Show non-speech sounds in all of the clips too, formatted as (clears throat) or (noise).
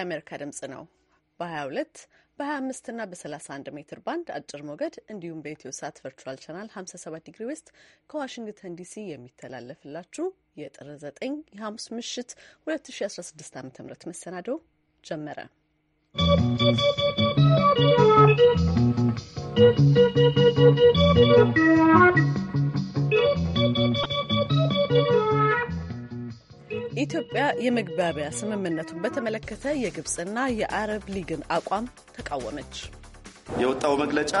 የአሜሪካ ድምጽ ነው። በ22 በ25 እና በ31 ሜትር ባንድ አጭር ሞገድ እንዲሁም በኢትዮ ሳት ቨርቹዋል ቻናል 57 ዲግሪ ውስጥ ከዋሽንግተን ዲሲ የሚተላለፍላችሁ የጥር 9 የሐሙስ ምሽት 2016 ዓ ም መሰናዶ ጀመረ። ¶¶ ኢትዮጵያ የመግባቢያ ስምምነቱን በተመለከተ የግብፅና የአረብ ሊግን አቋም ተቃወመች። የወጣው መግለጫ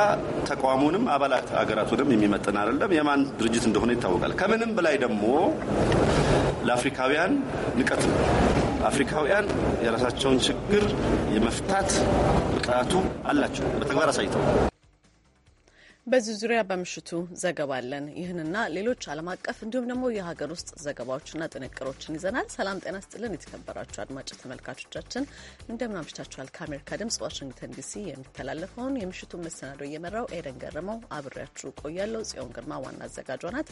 ተቋሙንም አባላት ሀገራቱንም የሚመጥን አይደለም። የማን ድርጅት እንደሆነ ይታወቃል። ከምንም በላይ ደግሞ ለአፍሪካውያን ንቀት ነው። አፍሪካውያን የራሳቸውን ችግር የመፍታት ብቃቱ አላቸው። በተግባር አሳይተው በዚህ ዙሪያ በምሽቱ ዘገባ አለን። ይህንና ሌሎች ዓለም አቀፍ እንዲሁም ደግሞ የሀገር ውስጥ ዘገባዎችና ጥንቅሮችን ይዘናል። ሰላም ጤና ስጥልን። የተከበራችሁ አድማጭ ተመልካቾቻችን እንደምን አምሽታችኋል። ከአሜሪካ ድምጽ ዋሽንግተን ዲሲ የሚተላለፈውን የምሽቱን መሰናዶ እየመራው ኤደን ገረመው አብሬያችሁ ቆያለሁ። ጽዮን ግርማ ዋና አዘጋጇ ናት።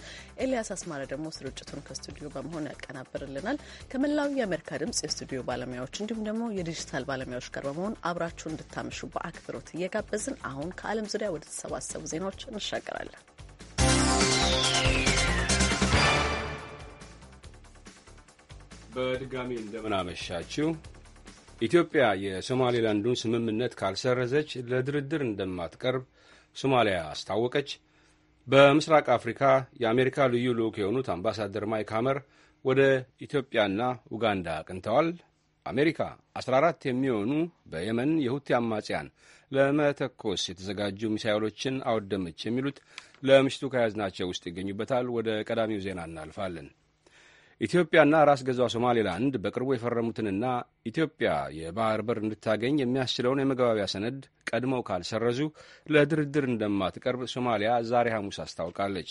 ኤልያስ አስማረ ደግሞ ስርጭቱን ከስቱዲዮ በመሆን ያቀናብርልናል። ከመላው የአሜሪካ ድምጽ የስቱዲዮ ባለሙያዎች እንዲሁም ደግሞ የዲጂታል ባለሙያዎች ጋር በመሆን አብራችሁ እንድታመሹ በአክብሮት እየጋበዝን አሁን ከዓለም ዙሪያ ወደተሰባሰቡ ዜናዎች እንሻገራለን። በድጋሚ እንደምናመሻችው ኢትዮጵያ የሶማሌላንዱን ስምምነት ካልሰረዘች ለድርድር እንደማትቀርብ ሶማሊያ አስታወቀች። በምስራቅ አፍሪካ የአሜሪካ ልዩ ልዑክ የሆኑት አምባሳደር ማይክ ሀመር ወደ ኢትዮጵያና ኡጋንዳ አቅንተዋል። አሜሪካ 14 የሚሆኑ በየመን የሁቲ አማጽያን ለመተኮስ የተዘጋጁ ሚሳይሎችን አወደመች የሚሉት ለምሽቱ ከያዝናቸው ውስጥ ይገኙበታል። ወደ ቀዳሚው ዜና እናልፋለን። ኢትዮጵያና ራስ ገዟ ሶማሌላንድ በቅርቡ የፈረሙትንና ኢትዮጵያ የባህር በር እንድታገኝ የሚያስችለውን የመግባቢያ ሰነድ ቀድመው ካልሰረዙ ለድርድር እንደማትቀርብ ሶማሊያ ዛሬ ሐሙስ አስታውቃለች።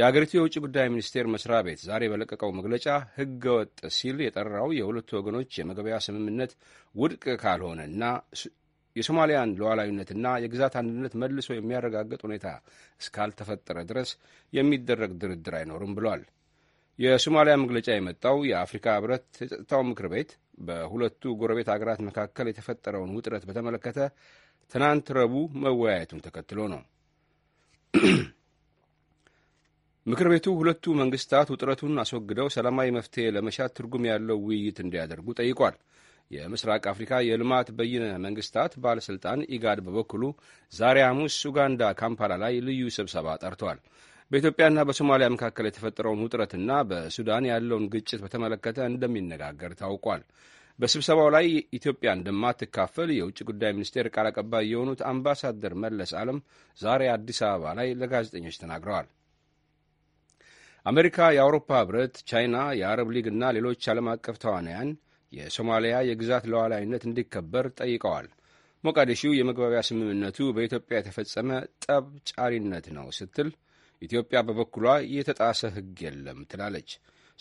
የአገሪቱ የውጭ ጉዳይ ሚኒስቴር መስሪያ ቤት ዛሬ በለቀቀው መግለጫ ሕገ ወጥ ሲል የጠራው የሁለቱ ወገኖች የመግባቢያ ስምምነት ውድቅ ካልሆነና የሶማሊያን ሉዓላዊነትና የግዛት አንድነት መልሶ የሚያረጋግጥ ሁኔታ እስካልተፈጠረ ድረስ የሚደረግ ድርድር አይኖርም ብሏል። የሶማሊያ መግለጫ የመጣው የአፍሪካ ህብረት የጸጥታው ምክር ቤት በሁለቱ ጎረቤት አገራት መካከል የተፈጠረውን ውጥረት በተመለከተ ትናንት ረቡዕ መወያየቱን ተከትሎ ነው። (clears throat) ምክር ቤቱ ሁለቱ መንግስታት ውጥረቱን አስወግደው ሰላማዊ መፍትሄ ለመሻት ትርጉም ያለው ውይይት እንዲያደርጉ ጠይቋል። የምስራቅ አፍሪካ የልማት በይነ መንግስታት ባለሥልጣን ኢጋድ በበኩሉ ዛሬ ሐሙስ ኡጋንዳ ካምፓላ ላይ ልዩ ስብሰባ ጠርቷል። በኢትዮጵያና በሶማሊያ መካከል የተፈጠረውን ውጥረትና በሱዳን ያለውን ግጭት በተመለከተ እንደሚነጋገር ታውቋል። በስብሰባው ላይ ኢትዮጵያ እንደማትካፈል የውጭ ጉዳይ ሚኒስቴር ቃል አቀባይ የሆኑት አምባሳደር መለስ አለም ዛሬ አዲስ አበባ ላይ ለጋዜጠኞች ተናግረዋል። አሜሪካ፣ የአውሮፓ ህብረት፣ ቻይና፣ የአረብ ሊግ እና ሌሎች ዓለም አቀፍ ተዋናያን የሶማሊያ የግዛት ሉዓላዊነት እንዲከበር ጠይቀዋል። ሞቃዲሹ የመግባቢያ ስምምነቱ በኢትዮጵያ የተፈጸመ ጠብ ጫሪነት ነው ስትል፣ ኢትዮጵያ በበኩሏ የተጣሰ ሕግ የለም ትላለች።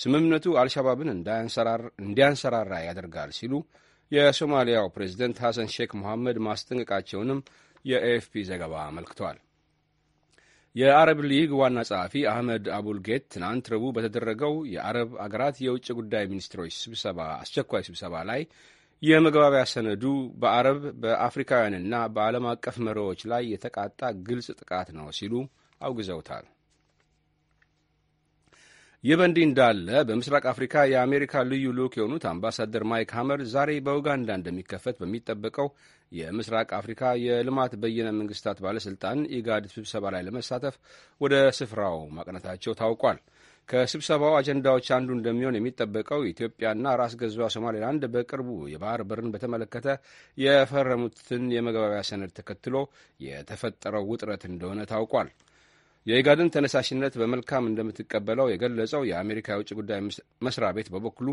ስምምነቱ አልሻባብን እንዲያንሰራራ ያደርጋል ሲሉ የሶማሊያው ፕሬዝደንት ሐሰን ሼክ መሐመድ ማስጠንቀቃቸውንም የኤኤፍፒ ዘገባ አመልክቷል። የአረብ ሊግ ዋና ጸሐፊ አህመድ አቡልጌት ትናንት ረቡዕ በተደረገው የአረብ አገራት የውጭ ጉዳይ ሚኒስትሮች ስብሰባ አስቸኳይ ስብሰባ ላይ የመግባቢያ ሰነዱ በአረብ በአፍሪካውያንና በዓለም አቀፍ መሪዎች ላይ የተቃጣ ግልጽ ጥቃት ነው ሲሉ አውግዘውታል። ይህ በእንዲህ እንዳለ በምስራቅ አፍሪካ የአሜሪካ ልዩ ልዑክ የሆኑት አምባሳደር ማይክ ሀመር ዛሬ በኡጋንዳ እንደሚከፈት በሚጠበቀው የምስራቅ አፍሪካ የልማት በይነ መንግስታት ባለሥልጣን ኢጋድ ስብሰባ ላይ ለመሳተፍ ወደ ስፍራው ማቅናታቸው ታውቋል። ከስብሰባው አጀንዳዎች አንዱ እንደሚሆን የሚጠበቀው ኢትዮጵያና ራስ ገዟ ሶማሌላንድ በቅርቡ የባህር በርን በተመለከተ የፈረሙትን የመግባቢያ ሰነድ ተከትሎ የተፈጠረው ውጥረት እንደሆነ ታውቋል። የኢጋድን ተነሳሽነት በመልካም እንደምትቀበለው የገለጸው የአሜሪካ የውጭ ጉዳይ መስሪያ ቤት በበኩሉ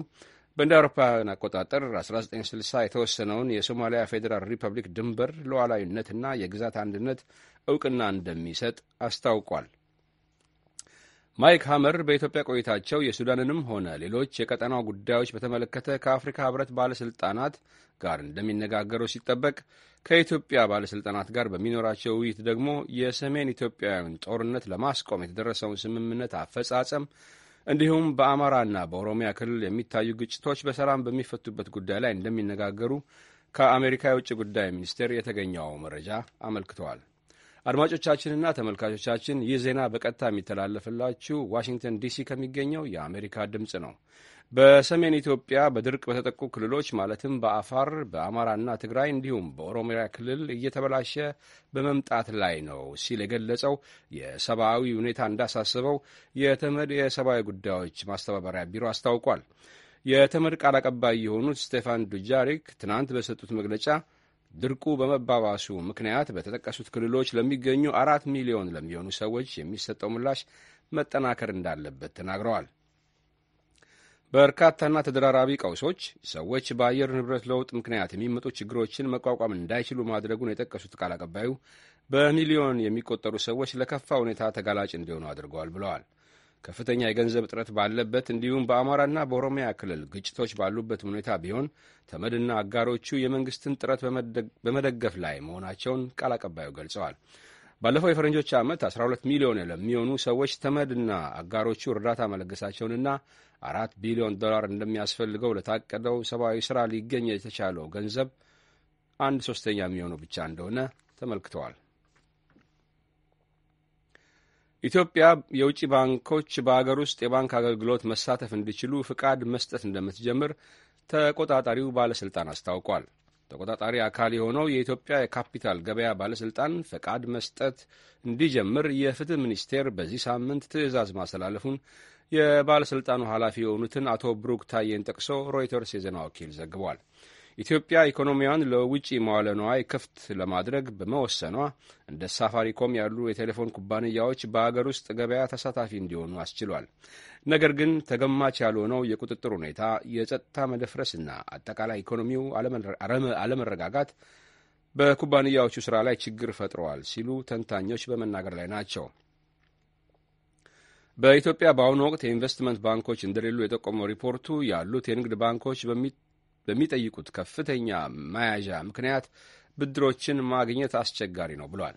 በእንደ አውሮፓውያን አቆጣጠር 1960 የተወሰነውን የሶማሊያ ፌዴራል ሪፐብሊክ ድንበር ሉዓላዊነትና የግዛት አንድነት እውቅና እንደሚሰጥ አስታውቋል። ማይክ ሀመር በኢትዮጵያ ቆይታቸው የሱዳንንም ሆነ ሌሎች የቀጠናው ጉዳዮች በተመለከተ ከአፍሪካ ሕብረት ባለሥልጣናት ጋር እንደሚነጋገሩ ሲጠበቅ ከኢትዮጵያ ባለሥልጣናት ጋር በሚኖራቸው ውይይት ደግሞ የሰሜን ኢትዮጵያውያን ጦርነት ለማስቆም የተደረሰውን ስምምነት አፈጻጸም እንዲሁም በአማራና በኦሮሚያ ክልል የሚታዩ ግጭቶች በሰላም በሚፈቱበት ጉዳይ ላይ እንደሚነጋገሩ ከአሜሪካ የውጭ ጉዳይ ሚኒስቴር የተገኘው መረጃ አመልክተዋል። አድማጮቻችንና ተመልካቾቻችን ይህ ዜና በቀጥታ የሚተላለፍላችሁ ዋሽንግተን ዲሲ ከሚገኘው የአሜሪካ ድምፅ ነው። በሰሜን ኢትዮጵያ በድርቅ በተጠቁ ክልሎች ማለትም በአፋር፣ በአማራና ትግራይ እንዲሁም በኦሮሚያ ክልል እየተበላሸ በመምጣት ላይ ነው ሲል የገለጸው የሰብአዊ ሁኔታ እንዳሳስበው የተመድ የሰብአዊ ጉዳዮች ማስተባበሪያ ቢሮ አስታውቋል። የተመድ ቃል አቀባይ የሆኑት ስቴፋን ዱጃሪክ ትናንት በሰጡት መግለጫ ድርቁ በመባባሱ ምክንያት በተጠቀሱት ክልሎች ለሚገኙ አራት ሚሊዮን ለሚሆኑ ሰዎች የሚሰጠው ምላሽ መጠናከር እንዳለበት ተናግረዋል። በርካታና ተደራራቢ ቀውሶች ሰዎች በአየር ንብረት ለውጥ ምክንያት የሚመጡ ችግሮችን መቋቋም እንዳይችሉ ማድረጉን የጠቀሱት ቃል አቀባዩ በሚሊዮን የሚቆጠሩ ሰዎች ለከፋ ሁኔታ ተጋላጭ እንዲሆኑ አድርገዋል ብለዋል። ከፍተኛ የገንዘብ እጥረት ባለበት እንዲሁም በአማራና በኦሮሚያ ክልል ግጭቶች ባሉበት ሁኔታ ቢሆን ተመድና አጋሮቹ የመንግስትን ጥረት በመደገፍ ላይ መሆናቸውን ቃል አቀባዩ ገልጸዋል። ባለፈው የፈረንጆች ዓመት 12 ሚሊዮን ለሚሆኑ ሰዎች ተመድና አጋሮቹ እርዳታ መለገሳቸውንና አራት ቢሊዮን ዶላር እንደሚያስፈልገው ለታቀደው ሰብአዊ ሥራ ሊገኝ የተቻለው ገንዘብ አንድ ሶስተኛ የሚሆኑ ብቻ እንደሆነ ተመልክተዋል። ኢትዮጵያ የውጭ ባንኮች በአገር ውስጥ የባንክ አገልግሎት መሳተፍ እንዲችሉ ፍቃድ መስጠት እንደምትጀምር ተቆጣጣሪው ባለሥልጣን አስታውቋል። ተቆጣጣሪ አካል የሆነው የኢትዮጵያ የካፒታል ገበያ ባለሥልጣን ፈቃድ መስጠት እንዲጀምር የፍትህ ሚኒስቴር በዚህ ሳምንት ትዕዛዝ ማስተላለፉን የባለሥልጣኑ ኃላፊ የሆኑትን አቶ ብሩክ ታዬን ጠቅሶ ሮይተርስ የዜና ወኪል ዘግቧል። ኢትዮጵያ ኢኮኖሚዋን ለውጭ መዋለ ንዋይ ክፍት ለማድረግ በመወሰኗ እንደ ሳፋሪኮም ያሉ የቴሌፎን ኩባንያዎች በአገር ውስጥ ገበያ ተሳታፊ እንዲሆኑ አስችሏል። ነገር ግን ተገማች ያልሆነው የቁጥጥር ሁኔታ፣ የጸጥታ መደፍረስና አጠቃላይ ኢኮኖሚው አለመረጋጋት በኩባንያዎቹ ስራ ላይ ችግር ፈጥረዋል ሲሉ ተንታኞች በመናገር ላይ ናቸው። በኢትዮጵያ በአሁኑ ወቅት የኢንቨስትመንት ባንኮች እንደሌሉ የጠቆመው ሪፖርቱ ያሉት የንግድ ባንኮች በሚ በሚጠይቁት ከፍተኛ መያዣ ምክንያት ብድሮችን ማግኘት አስቸጋሪ ነው ብሏል።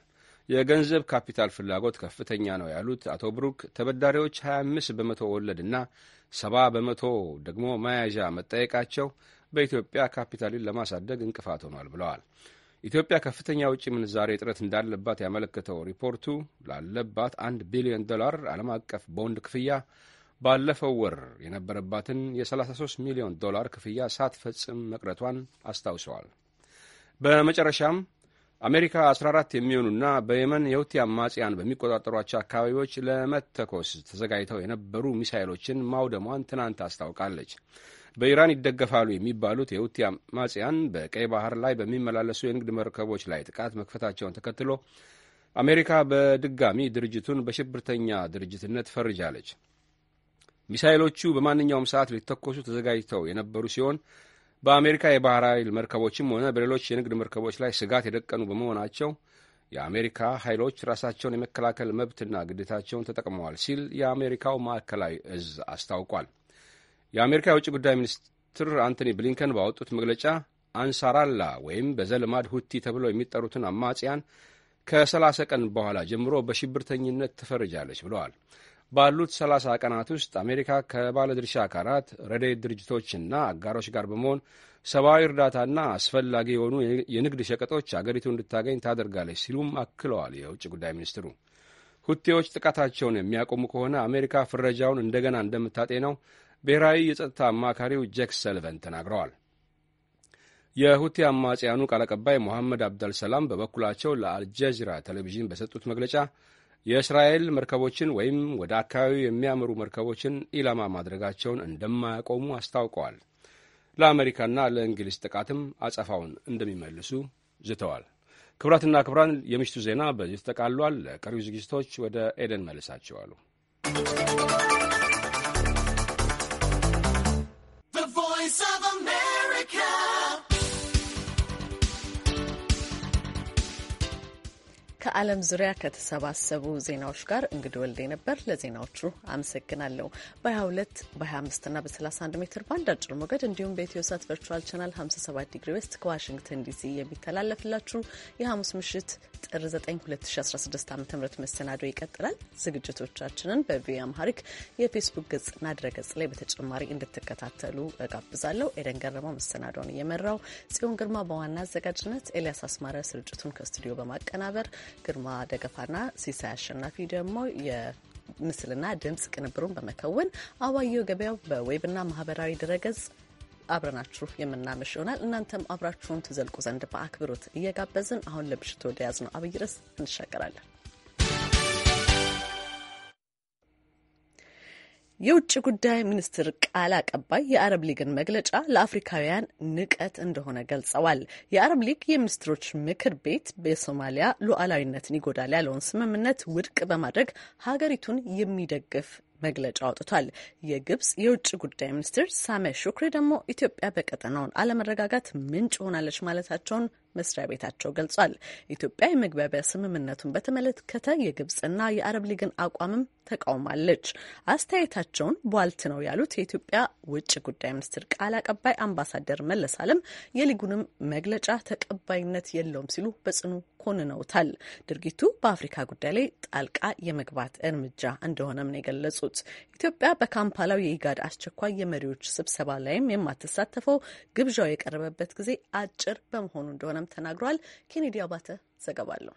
የገንዘብ ካፒታል ፍላጎት ከፍተኛ ነው ያሉት አቶ ብሩክ ተበዳሪዎች 25 በመቶ ወለድና 70 በመቶ ደግሞ መያዣ መጠየቃቸው በኢትዮጵያ ካፒታልን ለማሳደግ እንቅፋት ሆኗል ብለዋል። ኢትዮጵያ ከፍተኛ ውጭ ምንዛሬ እጥረት እንዳለባት ያመለከተው ሪፖርቱ ላለባት አንድ ቢሊዮን ዶላር ዓለም አቀፍ ቦንድ ክፍያ ባለፈው ወር የነበረባትን የ33 ሚሊዮን ዶላር ክፍያ ሳትፈጽም መቅረቷን አስታውሰዋል። በመጨረሻም አሜሪካ 14 የሚሆኑና በየመን የሁቲ አማጽያን በሚቆጣጠሯቸው አካባቢዎች ለመተኮስ ተዘጋጅተው የነበሩ ሚሳይሎችን ማውደሟን ትናንት አስታውቃለች። በኢራን ይደገፋሉ የሚባሉት የሁቲ አማጽያን በቀይ ባህር ላይ በሚመላለሱ የንግድ መርከቦች ላይ ጥቃት መክፈታቸውን ተከትሎ አሜሪካ በድጋሚ ድርጅቱን በሽብርተኛ ድርጅትነት ፈርጃለች። ሚሳይሎቹ በማንኛውም ሰዓት ሊተኮሱ ተዘጋጅተው የነበሩ ሲሆን በአሜሪካ የባህር ኃይል መርከቦችም ሆነ በሌሎች የንግድ መርከቦች ላይ ስጋት የደቀኑ በመሆናቸው የአሜሪካ ኃይሎች ራሳቸውን የመከላከል መብትና ግዴታቸውን ተጠቅመዋል ሲል የአሜሪካው ማዕከላዊ እዝ አስታውቋል። የአሜሪካ የውጭ ጉዳይ ሚኒስትር አንቶኒ ብሊንከን ባወጡት መግለጫ አንሳራላ ወይም በዘልማድ ሁቲ ተብለው የሚጠሩትን አማጽያን ከሰላሳ ቀን በኋላ ጀምሮ በሽብርተኝነት ትፈርጃለች ብለዋል። ባሉት 30 ቀናት ውስጥ አሜሪካ ከባለድርሻ አካላት ረድኤት ድርጅቶችና አጋሮች ጋር በመሆን ሰብአዊ እርዳታና አስፈላጊ የሆኑ የንግድ ሸቀጦች አገሪቱ እንድታገኝ ታደርጋለች ሲሉም አክለዋል። የውጭ ጉዳይ ሚኒስትሩ ሁቴዎች ጥቃታቸውን የሚያቆሙ ከሆነ አሜሪካ ፍረጃውን እንደገና እንደምታጤ ነው ብሔራዊ የጸጥታ አማካሪው ጄክ ሰልቨን ተናግረዋል። የሁቲ አማጽያኑ ቃል አቀባይ ሞሐመድ አብዳልሰላም በበኩላቸው ለአልጀዚራ ቴሌቪዥን በሰጡት መግለጫ የእስራኤል መርከቦችን ወይም ወደ አካባቢው የሚያመሩ መርከቦችን ኢላማ ማድረጋቸውን እንደማያቆሙ አስታውቀዋል። ለአሜሪካና ለእንግሊዝ ጥቃትም አጸፋውን እንደሚመልሱ ዝተዋል። ክቡራትና ክቡራን የምሽቱ ዜና በዚህ ተጠቃሏል። ለቀሪው ዝግጅቶች ወደ ኤደን መልሳቸዋሉ። ከዓለም ዙሪያ ከተሰባሰቡ ዜናዎች ጋር እንግዲህ ወልዴ ነበር። ለዜናዎቹ አመሰግናለሁ። በ22 በ25ና በ31 ሜትር ባንድ አጭር ሞገድ እንዲሁም በኢትዮ ሳት ቨርቹዋል ቻናል 57 ዲግሪ ዌስት ከዋሽንግተን ዲሲ የሚተላለፍላችሁ የሐሙስ ምሽት ጥር 9 2016 ዓ ም መሰናዶ ይቀጥላል። ዝግጅቶቻችንን በቪኦኤ አምሃሪክ የፌስቡክ ገጽና ድረገጽ ላይ በተጨማሪ እንድትከታተሉ እጋብዛለሁ። ኤደን ገረማው መሰናዶውን እየመራው፣ ጽዮን ግርማ በዋና አዘጋጅነት፣ ኤልያስ አስማረ ስርጭቱን ከስቱዲዮ በማቀናበር ግርማ ደገፋና ሲሳይ አሸናፊ ደግሞ የምስልና ድምፅ ቅንብሩን በመከወን አባየው ገበያው በዌብና ማህበራዊ ድረገጽ አብረናችሁ የምናመሽ ይሆናል። እናንተም አብራችሁን ትዘልቁ ዘንድ በአክብሮት እየጋበዝን አሁን ለምሽቱ ወደ ያዝነው አብይ ርዕስ እንሻገራለን። የውጭ ጉዳይ ሚኒስትር ቃል አቀባይ የአረብ ሊግን መግለጫ ለአፍሪካውያን ንቀት እንደሆነ ገልጸዋል። የአረብ ሊግ የሚኒስትሮች ምክር ቤት በሶማሊያ ሉዓላዊነትን ይጎዳል ያለውን ስምምነት ውድቅ በማድረግ ሀገሪቱን የሚደግፍ መግለጫ አውጥቷል። የግብጽ የውጭ ጉዳይ ሚኒስትር ሳሜ ሹክሪ ደግሞ ኢትዮጵያ በቀጠናውን አለመረጋጋት ምንጭ ሆናለች ማለታቸውን መስሪያ ቤታቸው ገልጿል። ኢትዮጵያ የመግባቢያ ስምምነቱን በተመለከተ የግብጽና የአረብ ሊግን አቋምም ተቃውማለች። አስተያየታቸውን ቧልት ነው ያሉት የኢትዮጵያ ውጭ ጉዳይ ሚኒስትር ቃል አቀባይ አምባሳደር መለስ አለም የሊጉንም መግለጫ ተቀባይነት የለውም ሲሉ በጽኑ ኮንነውታል። ድርጊቱ በአፍሪካ ጉዳይ ላይ ጣልቃ የመግባት እርምጃ እንደሆነም ነው የገለጹት። ኢትዮጵያ በካምፓላው የኢጋድ አስቸኳይ የመሪዎች ስብሰባ ላይም የማትሳተፈው ግብዣው የቀረበበት ጊዜ አጭር በመሆኑ እንደሆነ ተናግሯል። ኬኔዲ አባተ ዘገባ አለው።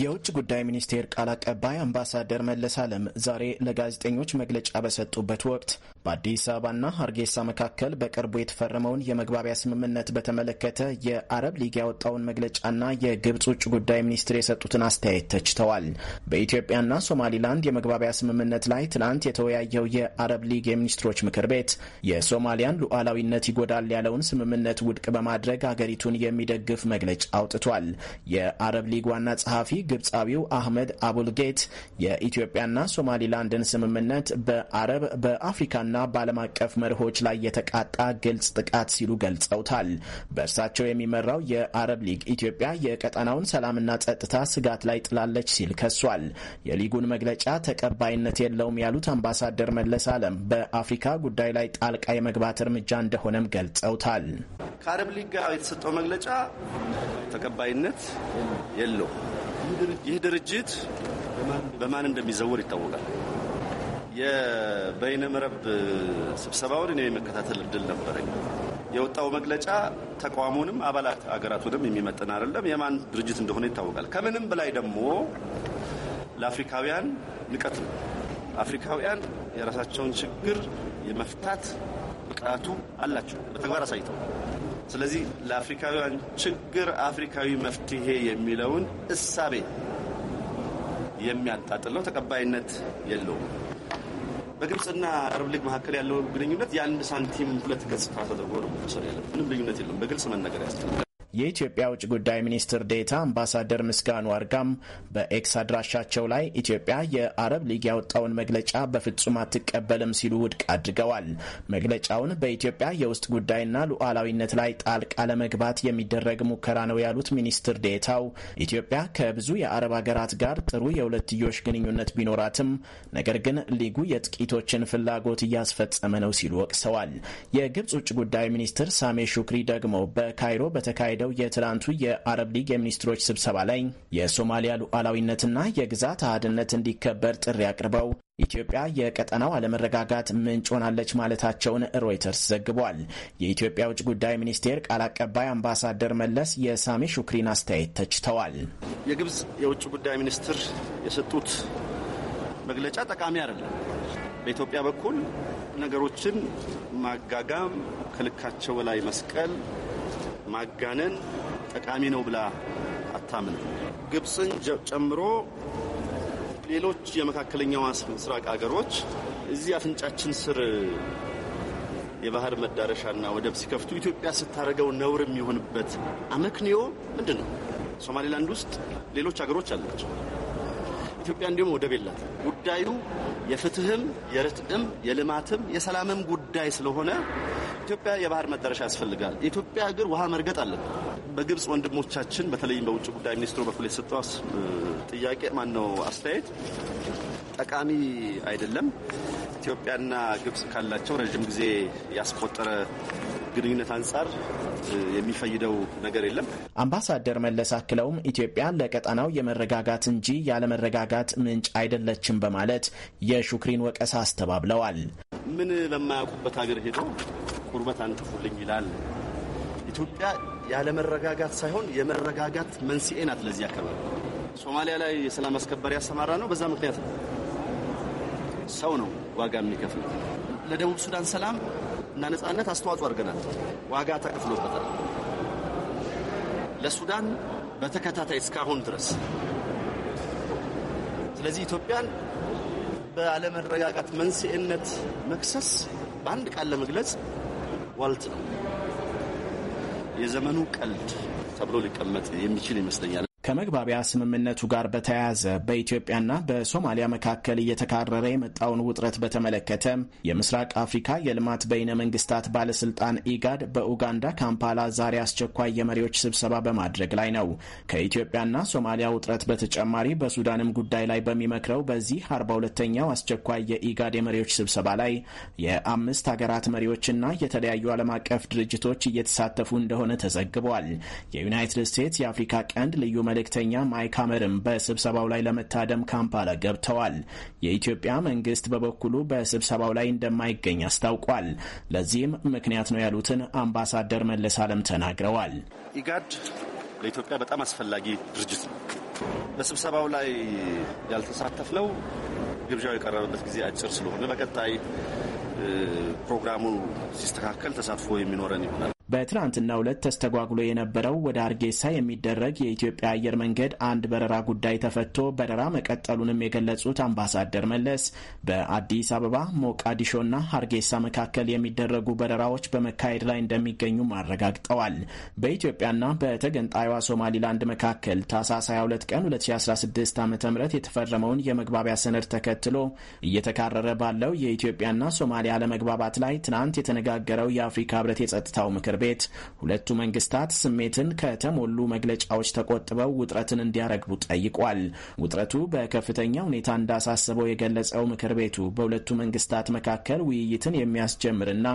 የውጭ ጉዳይ ሚኒስቴር ቃል አቀባይ አምባሳደር መለስ አለም ዛሬ ለጋዜጠኞች መግለጫ በሰጡበት ወቅት በአዲስ አበባና ሀርጌሳ መካከል በቅርቡ የተፈረመውን የመግባቢያ ስምምነት በተመለከተ የአረብ ሊግ ያወጣውን መግለጫና የግብፅ ውጭ ጉዳይ ሚኒስትር የሰጡትን አስተያየት ተችተዋል። በኢትዮጵያና ሶማሊላንድ የመግባቢያ ስምምነት ላይ ትናንት የተወያየው የአረብ ሊግ የሚኒስትሮች ምክር ቤት የሶማሊያን ሉዓላዊነት ይጎዳል ያለውን ስምምነት ውድቅ በማድረግ አገሪቱን የሚደግፍ መግለጫ አውጥቷል። የአረብ ሊግ ዋና ጸሐፊ ግብፃዊው አህመድ አቡልጌት የኢትዮጵያና ሶማሊላንድን ስምምነት በአረብ በአፍሪካና በዓለም አቀፍ መርሆች ላይ የተቃጣ ግልጽ ጥቃት ሲሉ ገልጸውታል። በእርሳቸው የሚመራው የአረብ ሊግ ኢትዮጵያ የቀጠናውን ሰላምና ጸጥታ ስጋት ላይ ጥላለች ሲል ከሷል። የሊጉን መግለጫ ተቀባይነት የለውም ያሉት አምባሳደር መለስ አለም በአፍሪካ ጉዳይ ላይ ጣልቃ የመግባት እርምጃ እንደሆነም ገልጸውታል። ከአረብ ሊግ ጋር የተሰጠው መግለጫ ተቀባይነት የለውም ይህ ድርጅት በማን እንደሚዘውር ይታወቃል። የበይነ ስብሰባውን እኔ የመከታተል እድል ነበረኝ። የወጣው መግለጫ ተቋሙንም አባላት አገራቱንም የሚመጥን አይደለም። የማን ድርጅት እንደሆነ ይታወቃል። ከምንም በላይ ደግሞ ለአፍሪካውያን ንቀት ነው። አፍሪካውያን የራሳቸውን ችግር የመፍታት ብቃቱ አላቸው። በተግባር አሳይተው ስለዚህ ለአፍሪካውያን ችግር አፍሪካዊ መፍትሄ የሚለውን እሳቤ የሚያጣጥለው ተቀባይነት የለውም። በግብፅና አረብ መካከል ያለው ግንኙነት የአንድ ሳንቲም ሁለት ገጽታ ተደርጎ ነው ምንም ልዩነት የለውም። በግልጽ መነገር ያስፈልጋል። የኢትዮጵያ ውጭ ጉዳይ ሚኒስትር ዴታ አምባሳደር ምስጋኑ አርጋም በኤክስ አድራሻቸው ላይ ኢትዮጵያ የአረብ ሊግ ያወጣውን መግለጫ በፍጹም አትቀበልም ሲሉ ውድቅ አድርገዋል። መግለጫውን በኢትዮጵያ የውስጥ ጉዳይና ሉዓላዊነት ላይ ጣልቃ ለመግባት የሚደረግ ሙከራ ነው ያሉት ሚኒስትር ዴታው ኢትዮጵያ ከብዙ የአረብ ሀገራት ጋር ጥሩ የሁለትዮሽ ግንኙነት ቢኖራትም ነገር ግን ሊጉ የጥቂቶችን ፍላጎት እያስፈጸመ ነው ሲሉ ወቅሰዋል። የግብጽ ውጭ ጉዳይ ሚኒስትር ሳሜ ሹክሪ ደግሞ በካይሮ በተካሄደ በተካሄደው የትላንቱ የአረብ ሊግ የሚኒስትሮች ስብሰባ ላይ የሶማሊያ ሉዓላዊነትና የግዛት አህድነት እንዲከበር ጥሪ አቅርበው ኢትዮጵያ የቀጠናው አለመረጋጋት ምንጭ ሆናለች ማለታቸውን ሮይተርስ ዘግቧል። የኢትዮጵያ ውጭ ጉዳይ ሚኒስቴር ቃል አቀባይ አምባሳደር መለስ የሳሜ ሹክሪን አስተያየት ተችተዋል። የግብፅ የውጭ ጉዳይ ሚኒስትር የሰጡት መግለጫ ጠቃሚ አይደለም። በኢትዮጵያ በኩል ነገሮችን ማጋጋም፣ ከልካቸው በላይ መስቀል ማጋነን ጠቃሚ ነው ብላ አታምን። ግብፅን ጨምሮ ሌሎች የመካከለኛው ምስራቅ አገሮች እዚህ አፍንጫችን ስር የባህር መዳረሻና ወደብ ሲከፍቱ ኢትዮጵያ ስታደርገው ነውር የሚሆንበት አመክንዮ ምንድን ነው? ሶማሌላንድ ውስጥ ሌሎች አገሮች አላቸው። ኢትዮጵያ እንዲሁም ወደብ የላት። ጉዳዩ የፍትህም የርትዕም የልማትም የሰላምም ጉዳይ ስለሆነ ኢትዮጵያ የባህር መዳረሻ ያስፈልጋል። የኢትዮጵያ እግር ውሃ መርገጥ አለ። በግብፅ ወንድሞቻችን በተለይም በውጭ ጉዳይ ሚኒስትሩ በኩል የተሰጠው ጥያቄ ማነው አስተያየት ጠቃሚ አይደለም። ኢትዮጵያና ግብፅ ካላቸው ረዥም ጊዜ ያስቆጠረ ግንኙነት አንጻር የሚፈይደው ነገር የለም። አምባሳደር መለስ አክለውም ኢትዮጵያ ለቀጠናው የመረጋጋት እንጂ ያለመረጋጋት ምንጭ አይደለችም በማለት የሹክሪን ወቀሳ አስተባብለዋል። ምን በማያውቁበት ሀገር ሄዶ ቁርበት አንጥፉልኝ ይላል። ኢትዮጵያ ያለመረጋጋት ሳይሆን የመረጋጋት መንስኤ ናት። ለዚህ አካባቢ ሶማሊያ ላይ የሰላም አስከባሪ ያሰማራ ነው። በዛ ምክንያት ነው ሰው ነው ዋጋ የሚከፍል ለደቡብ ሱዳን ሰላም እና ነጻነት አስተዋጽኦ አድርገናል። ዋጋ ተከፍሎበታል። ለሱዳን በተከታታይ እስካሁን ድረስ ስለዚህ ኢትዮጵያን በአለመረጋጋት መንስኤነት መክሰስ በአንድ ቃል ለመግለጽ ዋልት ነው። የዘመኑ ቀልድ ተብሎ ሊቀመጥ የሚችል ይመስለኛል። ከመግባቢያ ስምምነቱ ጋር በተያያዘ በኢትዮጵያና በሶማሊያ መካከል እየተካረረ የመጣውን ውጥረት በተመለከተ የምስራቅ አፍሪካ የልማት በይነ መንግስታት ባለስልጣን ኢጋድ በኡጋንዳ ካምፓላ ዛሬ አስቸኳይ የመሪዎች ስብሰባ በማድረግ ላይ ነው። ከኢትዮጵያና ሶማሊያ ውጥረት በተጨማሪ በሱዳንም ጉዳይ ላይ በሚመክረው በዚህ 42ኛው አስቸኳይ የኢጋድ የመሪዎች ስብሰባ ላይ የአምስት ሀገራት መሪዎችና የተለያዩ ዓለም አቀፍ ድርጅቶች እየተሳተፉ እንደሆነ ተዘግቧል። የዩናይትድ ስቴትስ የአፍሪካ ቀንድ ልዩ መ። መልእክተኛ ማይክ አመርም በስብሰባው ላይ ለመታደም ካምፓላ ገብተዋል። የኢትዮጵያ መንግስት በበኩሉ በስብሰባው ላይ እንደማይገኝ አስታውቋል። ለዚህም ምክንያት ነው ያሉትን አምባሳደር መለስ አለም ተናግረዋል። ኢጋድ ለኢትዮጵያ በጣም አስፈላጊ ድርጅት ነው። በስብሰባው ላይ ያልተሳተፍነው ግብዣው የቀረበበት ጊዜ አጭር ስለሆነ በቀጣይ ፕሮግራሙ ሲስተካከል ተሳትፎ የሚኖረን ይሆናል። በትናንትናው ዕለት ተስተጓጉሎ የነበረው ወደ አርጌሳ የሚደረግ የኢትዮጵያ አየር መንገድ አንድ በረራ ጉዳይ ተፈቶ በረራ መቀጠሉንም የገለጹት አምባሳደር መለስ በአዲስ አበባ ሞቃዲሾና ሀርጌሳ መካከል የሚደረጉ በረራዎች በመካሄድ ላይ እንደሚገኙ አረጋግጠዋል። በኢትዮጵያና በተገንጣይዋ ሶማሊላንድ መካከል ታህሳስ 22 ቀን 2016 ዓ ም የተፈረመውን የመግባቢያ ሰነድ ተከትሎ እየተካረረ ባለው የኢትዮጵያና ሶማሊያ አለመግባባት ላይ ትናንት የተነጋገረው የአፍሪካ ህብረት የጸጥታው ምክር ቤት ሁለቱ መንግስታት ስሜትን ከተሞሉ መግለጫዎች ተቆጥበው ውጥረትን እንዲያረግቡ ጠይቋል። ውጥረቱ በከፍተኛ ሁኔታ እንዳሳሰበው የገለጸው ምክር ቤቱ በሁለቱ መንግስታት መካከል ውይይትን የሚያስጀምርና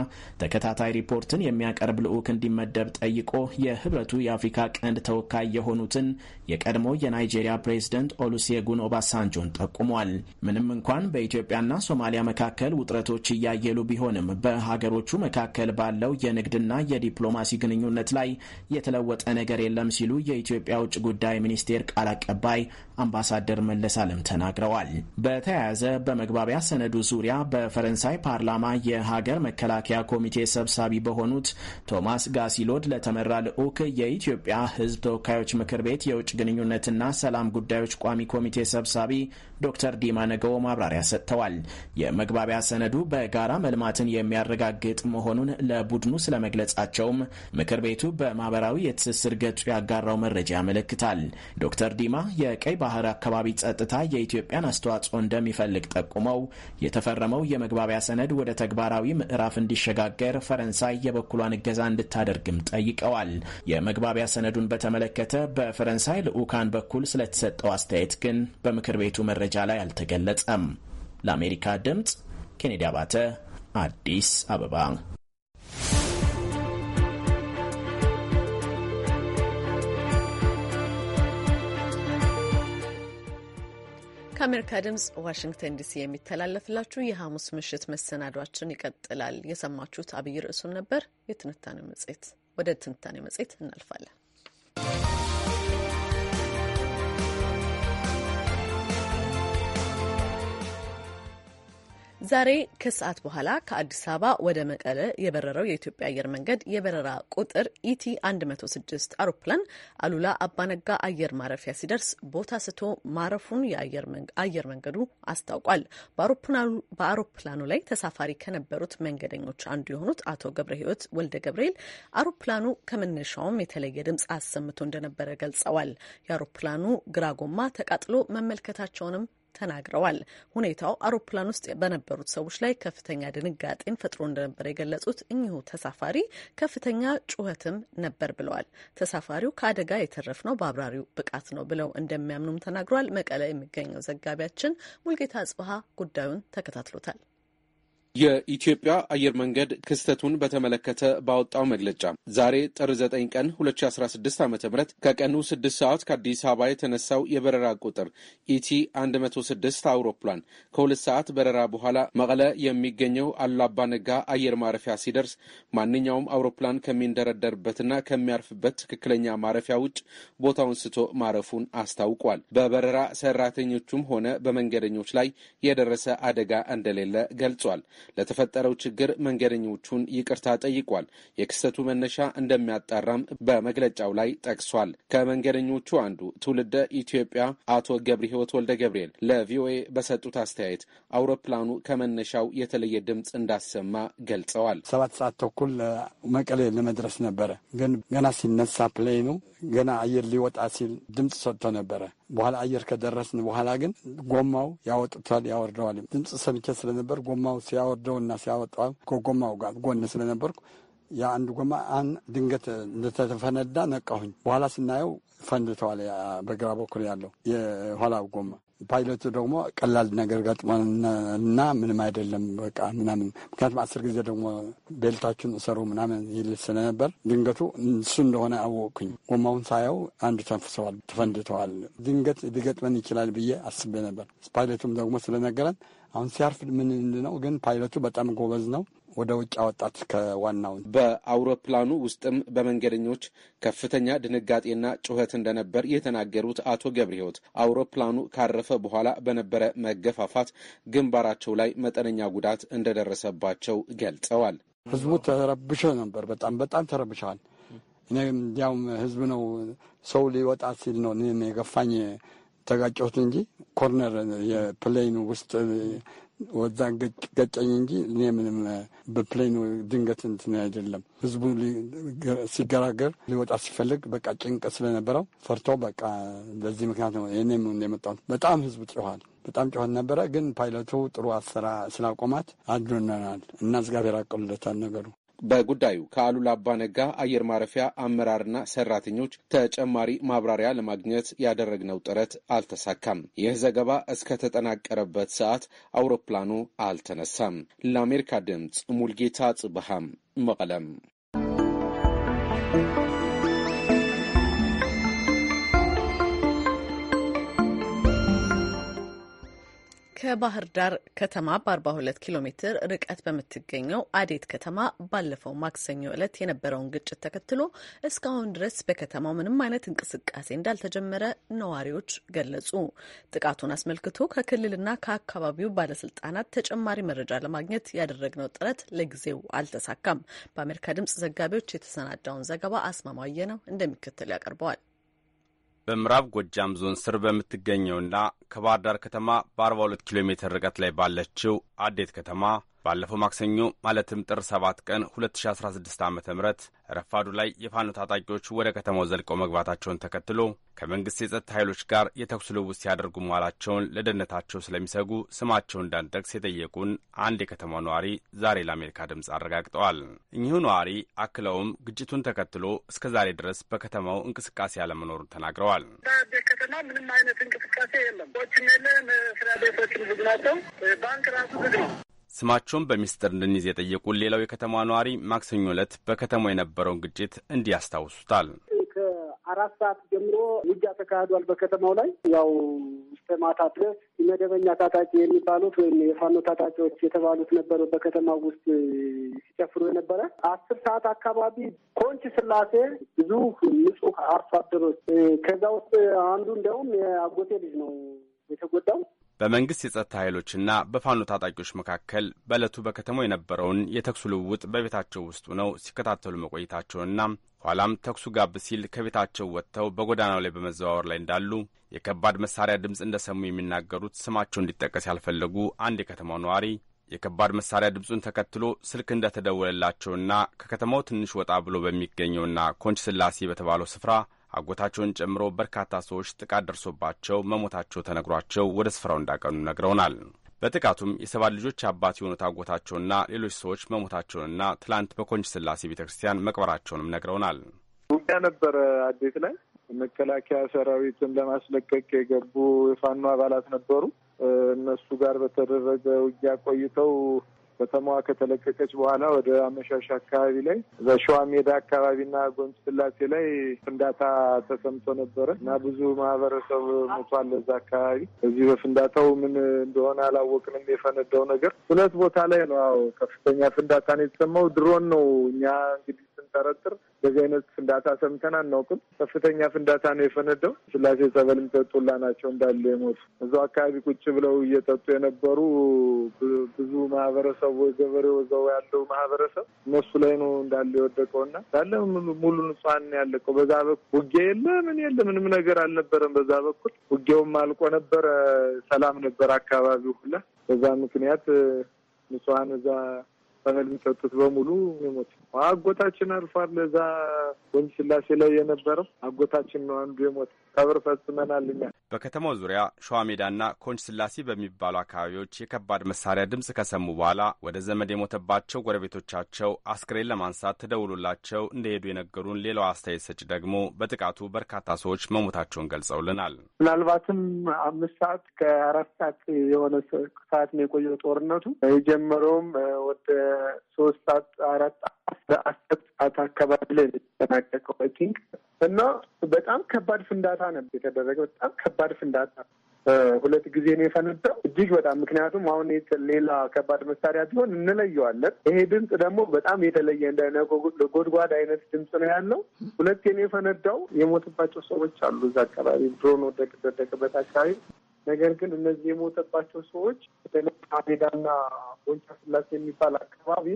ተከታታይ ሪፖርትን የሚያቀርብ ልዑክ እንዲመደብ ጠይቆ የህብረቱ የአፍሪካ ቀንድ ተወካይ የሆኑትን የቀድሞ የናይጄሪያ ፕሬዝደንት ኦሉሴጉን ኦባሳንጆን ጠቁሟል። ምንም እንኳን በኢትዮጵያና ሶማሊያ መካከል ውጥረቶች እያየሉ ቢሆንም በሀገሮቹ መካከል ባለው የንግድና የዲ የዲፕሎማሲ ግንኙነት ላይ የተለወጠ ነገር የለም ሲሉ የኢትዮጵያ ውጭ ጉዳይ ሚኒስቴር ቃል አቀባይ አምባሳደር መለስ አለም ተናግረዋል። በተያያዘ በመግባቢያ ሰነዱ ዙሪያ በፈረንሳይ ፓርላማ የሀገር መከላከያ ኮሚቴ ሰብሳቢ በሆኑት ቶማስ ጋሲሎድ ለተመራ ልዑክ የኢትዮጵያ ሕዝብ ተወካዮች ምክር ቤት የውጭ ግንኙነትና ሰላም ጉዳዮች ቋሚ ኮሚቴ ሰብሳቢ ዶክተር ዲማ ነገዎ ማብራሪያ ሰጥተዋል። የመግባቢያ ሰነዱ በጋራ መልማትን የሚያረጋግጥ መሆኑን ለቡድኑ ስለመግለጻቸውም ምክር ቤቱ በማህበራዊ የትስስር ገጹ ያጋራው መረጃ ያመለክታል። ዶክተር ዲማ የቀይ የባህር አካባቢ ጸጥታ የኢትዮጵያን አስተዋጽኦ እንደሚፈልግ ጠቁመው የተፈረመው የመግባቢያ ሰነድ ወደ ተግባራዊ ምዕራፍ እንዲሸጋገር ፈረንሳይ የበኩሏን እገዛ እንድታደርግም ጠይቀዋል። የመግባቢያ ሰነዱን በተመለከተ በፈረንሳይ ልዑካን በኩል ስለተሰጠው አስተያየት ግን በምክር ቤቱ መረጃ ላይ አልተገለጸም። ለአሜሪካ ድምፅ ኬኔዲ አባተ አዲስ አበባ ከአሜሪካ ድምጽ ዋሽንግተን ዲሲ የሚተላለፍላችሁ የሐሙስ ምሽት መሰናዷችን ይቀጥላል። የሰማችሁት አብይ ርዕሱን ነበር። የትንታኔ መጽሔት ወደ ትንታኔ መጽሔት እናልፋለን። ዛሬ ከሰዓት በኋላ ከአዲስ አበባ ወደ መቀለ የበረረው የኢትዮጵያ አየር መንገድ የበረራ ቁጥር ኢቲ 106 አውሮፕላን አሉላ አባነጋ አየር ማረፊያ ሲደርስ ቦታ ስቶ ማረፉን የአየር መንገዱ አስታውቋል። በአውሮፕላኑ ላይ ተሳፋሪ ከነበሩት መንገደኞች አንዱ የሆኑት አቶ ገብረ ሕይወት ወልደ ገብርኤል አውሮፕላኑ ከመነሻውም የተለየ ድምፅ አሰምቶ እንደነበረ ገልጸዋል። የአውሮፕላኑ ግራ ጎማ ተቃጥሎ መመልከታቸውንም ተናግረዋል። ሁኔታው አውሮፕላን ውስጥ በነበሩት ሰዎች ላይ ከፍተኛ ድንጋጤን ፈጥሮ እንደነበር የገለጹት እኚሁ ተሳፋሪ ከፍተኛ ጩኸትም ነበር ብለዋል። ተሳፋሪው ከአደጋ የተረፍነው በአብራሪው ብቃት ነው ብለው እንደሚያምኑም ተናግረዋል። መቀለ የሚገኘው ዘጋቢያችን ሙልጌታ ጽብሃ ጉዳዩን ተከታትሎታል። የኢትዮጵያ አየር መንገድ ክስተቱን በተመለከተ ባወጣው መግለጫ ዛሬ ጥር 9 ቀን 2016 ዓ ም ከቀኑ 6 ሰዓት ከአዲስ አበባ የተነሳው የበረራ ቁጥር ኢቲ 106 አውሮፕላን ከሁለት ሰዓት በረራ በኋላ መቀለ የሚገኘው አላባ ነጋ አየር ማረፊያ ሲደርስ ማንኛውም አውሮፕላን ከሚንደረደርበትና ከሚያርፍበት ትክክለኛ ማረፊያ ውጭ ቦታውን ስቶ ማረፉን አስታውቋል። በበረራ ሰራተኞቹም ሆነ በመንገደኞች ላይ የደረሰ አደጋ እንደሌለ ገልጿል። ለተፈጠረው ችግር መንገደኞቹን ይቅርታ ጠይቋል። የክስተቱ መነሻ እንደሚያጣራም በመግለጫው ላይ ጠቅሷል። ከመንገደኞቹ አንዱ ትውልደ ኢትዮጵያ አቶ ገብረ ሕይወት ወልደ ገብርኤል ለቪኦኤ በሰጡት አስተያየት አውሮፕላኑ ከመነሻው የተለየ ድምፅ እንዳሰማ ገልጸዋል። ሰባት ሰዓት ተኩል መቀሌ ለመድረስ ነበረ። ግን ገና ሲነሳ ፕሌኑ ገና አየር ሊወጣ ሲል ድምፅ ሰጥቶ ነበረ። በኋላ አየር ከደረስን በኋላ ግን ጎማው ያወጡታል፣ ያወርደዋል። ድምፅ ሰምቼ ስለነበር ጎማው ሲያወ ሲያወርደውና ሲያወጣው ከጎማው ጋር ጎን ስለነበርኩ የአንድ ጎማ አን ድንገት እንደተፈነዳ ነቃሁኝ። በኋላ ስናየው ፈንድተዋል። በግራ በኩል ያለው የኋላ ጎማ ፓይለቱ ደግሞ ቀላል ነገር ገጥሞና ምንም አይደለም በቃ ምናምን፣ ምክንያቱም አስር ጊዜ ደግሞ ቤልታችን እሰሩ ምናምን ይል ስለነበር ድንገቱ እሱ እንደሆነ አወቅኩኝ። ጎማውን ሳየው አንዱ ተንፍሰዋል፣ ተፈንድተዋል። ድንገት ሊገጥመን ይችላል ብዬ አስቤ ነበር። ፓይለቱም ደግሞ ስለነገረን አሁን ሲያርፍ ምን ነው ግን ፓይለቱ በጣም ጎበዝ ነው። ወደ ውጭ አወጣት ከዋናው። በአውሮፕላኑ ውስጥም በመንገደኞች ከፍተኛ ድንጋጤና ጩኸት እንደነበር የተናገሩት አቶ ገብረ ሕይወት አውሮፕላኑ ካረፈ በኋላ በነበረ መገፋፋት ግንባራቸው ላይ መጠነኛ ጉዳት እንደደረሰባቸው ገልጸዋል። ህዝቡ ተረብሾ ነበር። በጣም በጣም ተረብሸዋል። እኔ እንዲያውም ህዝብ ነው ሰው ሊወጣ ሲል ነው የገፋኝ ተጋጨሁት እንጂ ኮርነር የፕሌን ውስጥ ወዛ ገጨኝ እንጂ እኔ ምንም በፕሌን ድንገት እንትን አይደለም። ህዝቡ ሲገራገር ሊወጣ ሲፈልግ በቃ ጭንቅ ስለነበረው ፈርቶ በቃ በዚህ ምክንያት ነው እኔም የመጣሁት። በጣም ህዝቡ ጮኋል። በጣም ጮኸት ነበረ። ግን ፓይለቱ ጥሩ አሰራ ስላቆማት አድኖናል እና እግዚአብሔር አቀሉለታል ነገሩ በጉዳዩ ከአሉላ አባ ነጋ አየር ማረፊያ አመራርና ሰራተኞች ተጨማሪ ማብራሪያ ለማግኘት ያደረግነው ጥረት አልተሳካም። ይህ ዘገባ እስከተጠናቀረበት ሰዓት አውሮፕላኑ አልተነሳም። ለአሜሪካ ድምፅ ሙልጌታ ጽብሃም መቀለም ከባህር ዳር ከተማ በ42 ኪሎ ሜትር ርቀት በምትገኘው አዴት ከተማ ባለፈው ማክሰኞ ዕለት የነበረውን ግጭት ተከትሎ እስካሁን ድረስ በከተማው ምንም አይነት እንቅስቃሴ እንዳልተጀመረ ነዋሪዎች ገለጹ። ጥቃቱን አስመልክቶ ከክልልና ከአካባቢው ባለስልጣናት ተጨማሪ መረጃ ለማግኘት ያደረግነው ጥረት ለጊዜው አልተሳካም። በአሜሪካ ድምጽ ዘጋቢዎች የተሰናዳውን ዘገባ አስማማየ ነው እንደሚከተል ያቀርበዋል። በምዕራብ ጎጃም ዞን ስር በምትገኘውና ከባህር ዳር ከተማ በ42 ኪሎ ሜትር ርቀት ላይ ባለችው አዴት ከተማ ባለፈው ማክሰኞ ማለትም ጥር 7 ቀን 2016 ዓ ም ረፋዱ ላይ የፋኖ ታጣቂዎች ወደ ከተማው ዘልቀው መግባታቸውን ተከትሎ ከመንግሥት የጸጥታ ኃይሎች ጋር የተኩስ ልውውጥ ሲያደርጉ መዋላቸውን ለደህንነታቸው ስለሚሰጉ ስማቸው እንዳንጠቅስ የጠየቁን አንድ የከተማው ነዋሪ ዛሬ ለአሜሪካ ድምፅ አረጋግጠዋል። እኚሁ ነዋሪ አክለውም ግጭቱን ተከትሎ እስከ ዛሬ ድረስ በከተማው እንቅስቃሴ አለመኖሩን ተናግረዋል። ከተማ ምንም አይነት እንቅስቃሴ የለም። ቦችም የለ መስሪያ ቤቶችም ዝግ ናቸው። ባንክ ራሱ ዝግ ነው። ስማቸውን በሚስጥር እንድንይዝ የጠየቁን ሌላው የከተማ ነዋሪ ማክሰኞ ዕለት በከተማው የነበረውን ግጭት እንዲህ ያስታውሱታል። ከአራት ሰዓት ጀምሮ ውጊያ ተካሂዷል። በከተማው ላይ ያው እስከ ማታ ድረስ መደበኛ ታጣቂ የሚባሉት ወይም የፋኖ ታጣቂዎች የተባሉት ነበሩ በከተማ ውስጥ ሲጨፍሩ የነበረ። አስር ሰዓት አካባቢ ኮንች ስላሴ ብዙ ንጹህ አርሶ አደሮች ከዛ ውስጥ አንዱ እንደውም የአጎቴ ልጅ ነው የተጎዳው በመንግስት የጸጥታ ኃይሎችና በፋኖ ታጣቂዎች መካከል በዕለቱ በከተማው የነበረውን የተኩሱ ልውውጥ በቤታቸው ውስጥ ሆነው ሲከታተሉ መቆየታቸውንና ኋላም ተኩሱ ጋብ ሲል ከቤታቸው ወጥተው በጎዳናው ላይ በመዘዋወር ላይ እንዳሉ የከባድ መሳሪያ ድምፅ እንደሰሙ የሚናገሩት ስማቸው እንዲጠቀስ ያልፈለጉ አንድ የከተማው ነዋሪ የከባድ መሳሪያ ድምፁን ተከትሎ ስልክ እንደተደወለላቸውና ከከተማው ትንሽ ወጣ ብሎ በሚገኘውና ኮንች ስላሴ በተባለው ስፍራ አጎታቸውን ጨምሮ በርካታ ሰዎች ጥቃት ደርሶባቸው መሞታቸው ተነግሯቸው ወደ ስፍራው እንዳቀኑ ነግረውናል። በጥቃቱም የሰባት ልጆች አባት የሆኑት አጎታቸውና ሌሎች ሰዎች መሞታቸውንና ትላንት በኮንች ስላሴ ቤተ ክርስቲያን መቅበራቸውንም ነግረውናል። ውጊያ ነበረ አዴት ላይ መከላከያ ሰራዊትን ለማስለቀቅ የገቡ የፋኖ አባላት ነበሩ። እነሱ ጋር በተደረገ ውጊያ ቆይተው ከተማዋ ከተለቀቀች በኋላ ወደ አመሻሽ አካባቢ ላይ በሸዋ ሜዳ አካባቢና ጎንጭ ስላሴ ላይ ፍንዳታ ተሰምቶ ነበረ እና ብዙ ማህበረሰብ ሞቷል። እዛ አካባቢ እዚህ በፍንዳታው ምን እንደሆነ አላወቅንም። የፈነዳው ነገር ሁለት ቦታ ላይ ነው። አዎ ከፍተኛ ፍንዳታ ነው የተሰማው። ድሮን ነው እኛ እንግዲህ ስንጠረጥር በዚህ አይነት ፍንዳታ ሰምተን አናውቅም። ከፍተኛ ፍንዳታ ነው የፈነደው። ስላሴ ጸበል የሚጠጡላ ናቸው እንዳሉ የሞቱ እዛው አካባቢ ቁጭ ብለው እየጠጡ የነበሩ ብዙ ማህበረሰብ ወይ ገበሬው እዛው ያለው ማህበረሰብ እነሱ ላይ ነው እንዳለ የወደቀውና እንዳለ ሙሉ ንጹሐን ያለቀው። በዛ በኩል ውጊያ የለ ምን የለ ምንም ነገር አልነበረም። በዛ በኩል ውጊያውም አልቆ ነበረ። ሰላም ነበር አካባቢው ሁላ። በዛ ምክንያት ንጹሐን እዛ ሰነድ የሚሰጡት በሙሉ የሞት አጎታችን አልፏል። እዛ ወንጅ ስላሴ ላይ የነበረው አጎታችን ነው አንዱ የሞት ቀብር ፈጽመናል። እኛ በከተማው ዙሪያ ሸዋ ሜዳና ኮንች ስላሴ በሚባሉ አካባቢዎች የከባድ መሳሪያ ድምፅ ከሰሙ በኋላ ወደ ዘመድ የሞተባቸው ጎረቤቶቻቸው አስክሬን ለማንሳት ተደውሎላቸው እንደሄዱ የነገሩን ሌላው አስተያየት ሰጭ ደግሞ በጥቃቱ በርካታ ሰዎች መሞታቸውን ገልጸውልናል። ምናልባትም አምስት ሰዓት ከአራት ሰዓት የሆነ ሰዓት ነው የቆየው ጦርነቱ የጀመረውም ወደ ሶስት ሰዓት አራት አስር ሰዓት አካባቢ ላይ የተጠናቀቀው አይ ቲንክ እና በጣም ከባድ ፍንዳታ ነበር የተደረገ። በጣም ከባድ ፍንዳታ ሁለት ጊዜ ነው የፈነዳው። እጅግ በጣም ምክንያቱም አሁን ሌላ ከባድ መሳሪያ ቢሆን እንለየዋለን። ይሄ ድምፅ ደግሞ በጣም የተለየ እንደ ጎድጓድ አይነት ድምፅ ነው ያለው። ሁለቴ ነው የፈነዳው። የሞትባቸው ሰዎች አሉ እዛ አካባቢ ድሮን ወደቀበት አካባቢ ነገር ግን እነዚህ የሞተባቸው ሰዎች በተለይ አቤዳና ቦንቻ ስላሴ የሚባል አካባቢ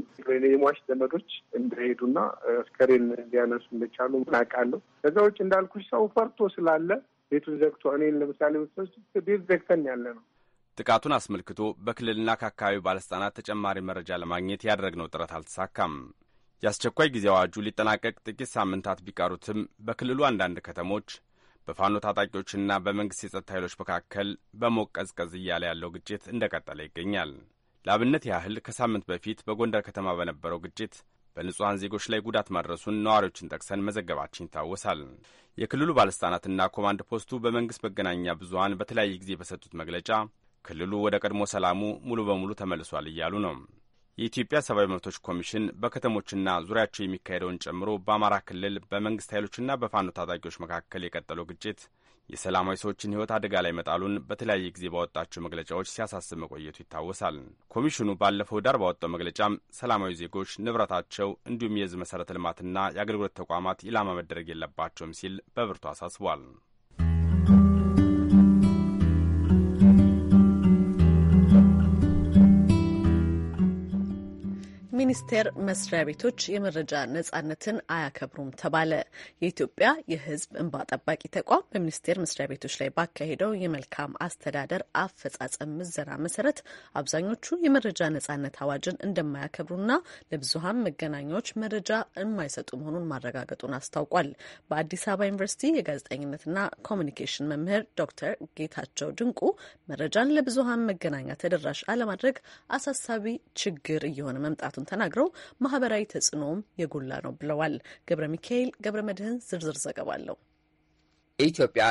የሟች ዘመዶች እንደሄዱና አስከሬን እንዲያነሱ እንደቻሉ እናውቃለሁ። ከዛ ውጭ እንዳልኩሽ ሰው ፈርቶ ስላለ ቤቱን ዘግቶ እኔን ለምሳሌ ሰዎች ቤት ዘግተን ያለ ነው። ጥቃቱን አስመልክቶ በክልልና ከአካባቢው ባለስልጣናት ተጨማሪ መረጃ ለማግኘት ያደረግነው ጥረት አልተሳካም። የአስቸኳይ ጊዜ አዋጁ ሊጠናቀቅ ጥቂት ሳምንታት ቢቀሩትም በክልሉ አንዳንድ ከተሞች በፋኖ ታጣቂዎችና በመንግሥት የጸጥታ ኃይሎች መካከል በሞቅ ቀዝቀዝ እያለ ያለው ግጭት እንደቀጠለ ይገኛል። ለአብነት ያህል ከሳምንት በፊት በጎንደር ከተማ በነበረው ግጭት በንጹሐን ዜጎች ላይ ጉዳት ማድረሱን ነዋሪዎችን ጠቅሰን መዘገባችን ይታወሳል። የክልሉ ባለሥልጣናትና ኮማንድ ፖስቱ በመንግሥት መገናኛ ብዙኃን በተለያየ ጊዜ በሰጡት መግለጫ ክልሉ ወደ ቀድሞ ሰላሙ ሙሉ በሙሉ ተመልሷል እያሉ ነው። የኢትዮጵያ ሰብአዊ መብቶች ኮሚሽን በከተሞችና ዙሪያቸው የሚካሄደውን ጨምሮ በአማራ ክልል በመንግስት ኃይሎችና በፋኖ ታጣቂዎች መካከል የቀጠለው ግጭት የሰላማዊ ሰዎችን ሕይወት አደጋ ላይ መጣሉን በተለያየ ጊዜ ባወጣቸው መግለጫዎች ሲያሳስብ መቆየቱ ይታወሳል። ኮሚሽኑ ባለፈው ዳር ባወጣው መግለጫም ሰላማዊ ዜጎች ንብረታቸው፣ እንዲሁም የሕዝብ መሠረተ ልማትና የአገልግሎት ተቋማት ኢላማ መደረግ የለባቸውም ሲል በብርቱ አሳስቧል። ሚኒስቴር መስሪያ ቤቶች የመረጃ ነጻነትን አያከብሩም ተባለ። የኢትዮጵያ የሕዝብ እንባ ጠባቂ ተቋም በሚኒስቴር መስሪያ ቤቶች ላይ ባካሄደው የመልካም አስተዳደር አፈጻጸም ምዘና መሰረት አብዛኞቹ የመረጃ ነጻነት አዋጅን እንደማያከብሩና ለብዙሀን መገናኛዎች መረጃ የማይሰጡ መሆኑን ማረጋገጡን አስታውቋል። በአዲስ አበባ ዩኒቨርሲቲ የጋዜጠኝነትና ኮሚኒኬሽን መምህር ዶክተር ጌታቸው ድንቁ መረጃን ለብዙሀን መገናኛ ተደራሽ አለማድረግ አሳሳቢ ችግር እየሆነ መምጣቱን መሆኑን ተናግረው ማህበራዊ ተጽዕኖም የጎላ ነው ብለዋል። ገብረ ሚካኤል ገብረ መድህን ዝርዝር ዘገባ አለው። የኢትዮጵያ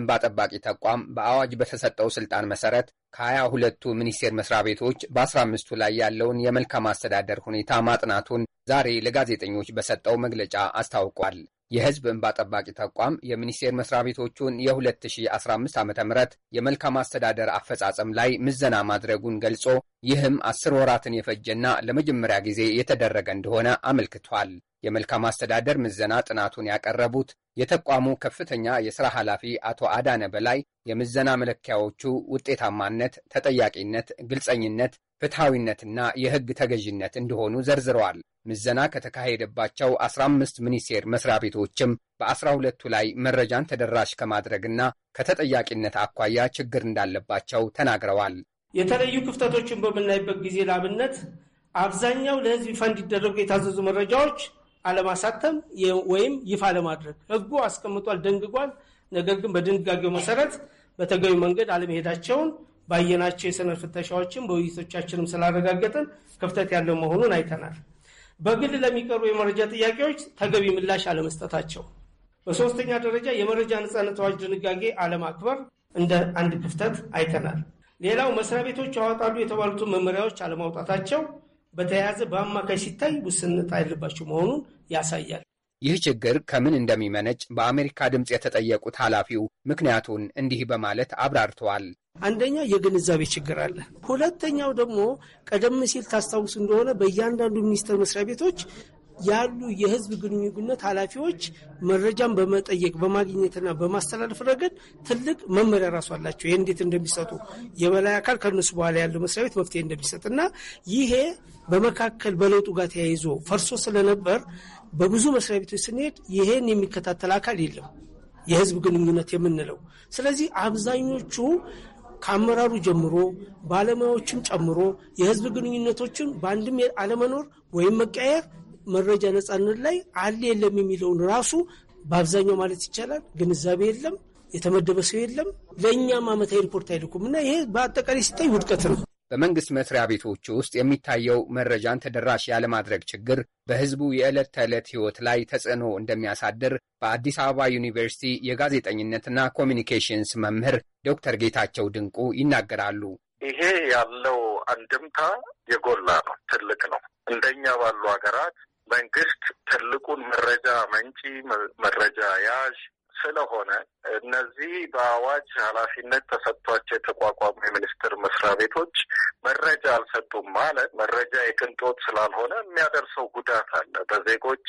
እንባ ጠባቂ ተቋም በአዋጅ በተሰጠው ስልጣን መሰረት ከሀያ ሁለቱ ሚኒስቴር መስሪያ ቤቶች በአስራ አምስቱ ላይ ያለውን የመልካም አስተዳደር ሁኔታ ማጥናቱን ዛሬ ለጋዜጠኞች በሰጠው መግለጫ አስታውቋል። የህዝብ እንባ ጠባቂ ተቋም የሚኒስቴር መስሪያ ቤቶቹን የ2015 ዓ ም የመልካም አስተዳደር አፈጻጸም ላይ ምዘና ማድረጉን ገልጾ ይህም አስር ወራትን የፈጀና ለመጀመሪያ ጊዜ የተደረገ እንደሆነ አመልክቷል። የመልካም አስተዳደር ምዘና ጥናቱን ያቀረቡት የተቋሙ ከፍተኛ የሥራ ኃላፊ አቶ አዳነ በላይ የምዘና መለኪያዎቹ ውጤታማነት፣ ተጠያቂነት፣ ግልጸኝነት፣ ፍትሐዊነትና የሕግ ተገዥነት እንደሆኑ ዘርዝረዋል። ምዘና ከተካሄደባቸው 15 ሚኒስቴር መስሪያ ቤቶችም በ12ቱ ላይ መረጃን ተደራሽ ከማድረግና ከተጠያቂነት አኳያ ችግር እንዳለባቸው ተናግረዋል። የተለዩ ክፍተቶችን በምናይበት ጊዜ ላብነት አብዛኛው ለህዝብ ይፋ እንዲደረጉ የታዘዙ መረጃዎች አለማሳተም ወይም ይፋ ለማድረግ ህጉ አስቀምጧል፣ ደንግጓል። ነገር ግን በድንጋጌው መሰረት በተገቢ መንገድ አለመሄዳቸውን ባየናቸው የሰነድ ፍተሻዎችን በውይይቶቻችንም ስላረጋገጥን ክፍተት ያለው መሆኑን አይተናል። በግል ለሚቀርቡ የመረጃ ጥያቄዎች ተገቢ ምላሽ አለመስጠታቸው፣ በሶስተኛ ደረጃ የመረጃ ነጻነት አዋጅ ድንጋጌ አለማክበር እንደ አንድ ክፍተት አይተናል። ሌላው መስሪያ ቤቶች ያወጣሉ የተባሉትን መመሪያዎች አለማውጣታቸው በተያያዘ በአማካይ ሲታይ ውስንነት አይልባቸው መሆኑን ያሳያል። ይህ ችግር ከምን እንደሚመነጭ በአሜሪካ ድምፅ የተጠየቁት ኃላፊው ምክንያቱን እንዲህ በማለት አብራርተዋል። አንደኛ የግንዛቤ ችግር አለ። ሁለተኛው ደግሞ ቀደም ሲል ታስታውስ እንደሆነ በእያንዳንዱ ሚኒስቴር መስሪያ ቤቶች ያሉ የህዝብ ግንኙነት ኃላፊዎች መረጃን በመጠየቅ በማግኘትና በማስተላለፍ ረገድ ትልቅ መመሪያ ራሱ አላቸው። ይህ እንዴት እንደሚሰጡ የበላይ አካል ከእነሱ በኋላ ያለው መስሪያ ቤት መፍትሄ እንደሚሰጥ እና ይሄ በመካከል በለውጡ ጋር ተያይዞ ፈርሶ ስለነበር በብዙ መስሪያ ቤቶች ስንሄድ ይሄን የሚከታተል አካል የለም፣ የህዝብ ግንኙነት የምንለው። ስለዚህ አብዛኞቹ ከአመራሩ ጀምሮ ባለሙያዎችም ጨምሮ የህዝብ ግንኙነቶችን በአንድም አለመኖር ወይም መቀየር መረጃ ነጻነት ላይ አለ የለም የሚለውን ራሱ በአብዛኛው ማለት ይቻላል ግንዛቤ የለም፣ የተመደበ ሰው የለም። ለእኛም ዓመታዊ ሪፖርት አይልኩም እና ይሄ በአጠቃላይ ሲታይ ውድቀት ነው። በመንግስት መስሪያ ቤቶች ውስጥ የሚታየው መረጃን ተደራሽ ያለማድረግ ችግር በህዝቡ የዕለት ተዕለት ህይወት ላይ ተጽዕኖ እንደሚያሳድር በአዲስ አበባ ዩኒቨርሲቲ የጋዜጠኝነትና ኮሚኒኬሽንስ መምህር ዶክተር ጌታቸው ድንቁ ይናገራሉ። ይሄ ያለው አንድምታ የጎላ ነው፣ ትልቅ ነው። እንደኛ ባሉ ሀገራት መንግስት ትልቁን መረጃ መንጪ መረጃ ያዥ ስለሆነ እነዚህ በአዋጅ ኃላፊነት ተሰጥቷቸው የተቋቋሙ የሚኒስቴር መስሪያ ቤቶች መረጃ አልሰጡም ማለት መረጃ የቅንጦት ስላልሆነ የሚያደርሰው ጉዳት አለ በዜጎች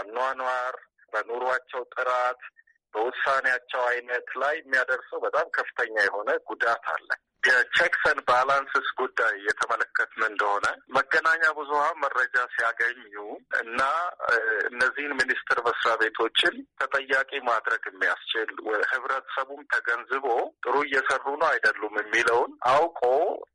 አኗኗር፣ በኑሯቸው ጥራት በውሳኔያቸው አይነት ላይ የሚያደርሰው በጣም ከፍተኛ የሆነ ጉዳት አለ። የቼክሰን ባላንስስ ጉዳይ የተመለከትን እንደሆነ መገናኛ ብዙኃን መረጃ ሲያገኙ እና እነዚህን ሚኒስቴር መስሪያ ቤቶችን ተጠያቂ ማድረግ የሚያስችል ህብረተሰቡም ተገንዝቦ ጥሩ እየሰሩ ነው አይደሉም የሚለውን አውቆ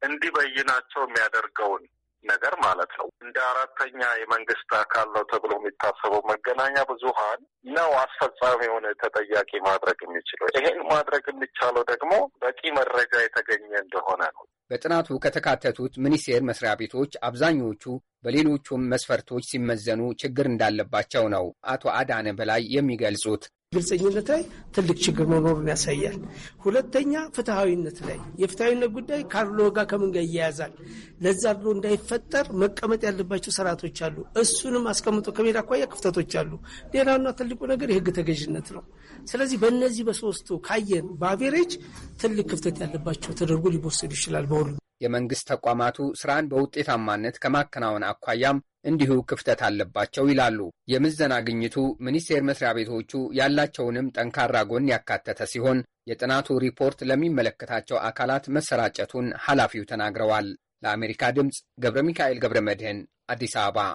እንዲበይናቸው የሚያደርገውን ነገር ማለት ነው። እንደ አራተኛ የመንግስት አካል ነው ተብሎ የሚታሰበው መገናኛ ብዙሀን ነው አስፈጻሚ የሆነ ተጠያቂ ማድረግ የሚችለው። ይሄን ማድረግ የሚቻለው ደግሞ በቂ መረጃ የተገኘ እንደሆነ ነው። በጥናቱ ከተካተቱት ሚኒስቴር መስሪያ ቤቶች አብዛኞቹ በሌሎቹም መስፈርቶች ሲመዘኑ ችግር እንዳለባቸው ነው አቶ አዳነ በላይ የሚገልጹት። ግልጸኝነት ላይ ትልቅ ችግር መኖሩን ያሳያል። ሁለተኛ ፍትሐዊነት ላይ የፍትሐዊነት ጉዳይ ካድሎ ጋ ከምን ጋር ይያያዛል? ለዛ አድሎ እንዳይፈጠር መቀመጥ ያለባቸው ስርዓቶች አሉ። እሱንም አስቀምጦ ከሜዳ አኳያ ክፍተቶች አሉ። ሌላውና ትልቁ ነገር የህግ ተገዥነት ነው። ስለዚህ በእነዚህ በሶስቱ ካየን በአቬሬጅ ትልቅ ክፍተት ያለባቸው ተደርጎ ሊወሰዱ ይችላል በሁሉ የመንግሥት ተቋማቱ ሥራን በውጤታማነት ከማከናወን አኳያም እንዲሁ ክፍተት አለባቸው ይላሉ። የምዘና ግኝቱ ሚኒስቴር መስሪያ ቤቶቹ ያላቸውንም ጠንካራ ጎን ያካተተ ሲሆን የጥናቱ ሪፖርት ለሚመለከታቸው አካላት መሰራጨቱን ኃላፊው ተናግረዋል። ለአሜሪካ ድምፅ ገብረ ሚካኤል ገብረ መድህን አዲስ አበባ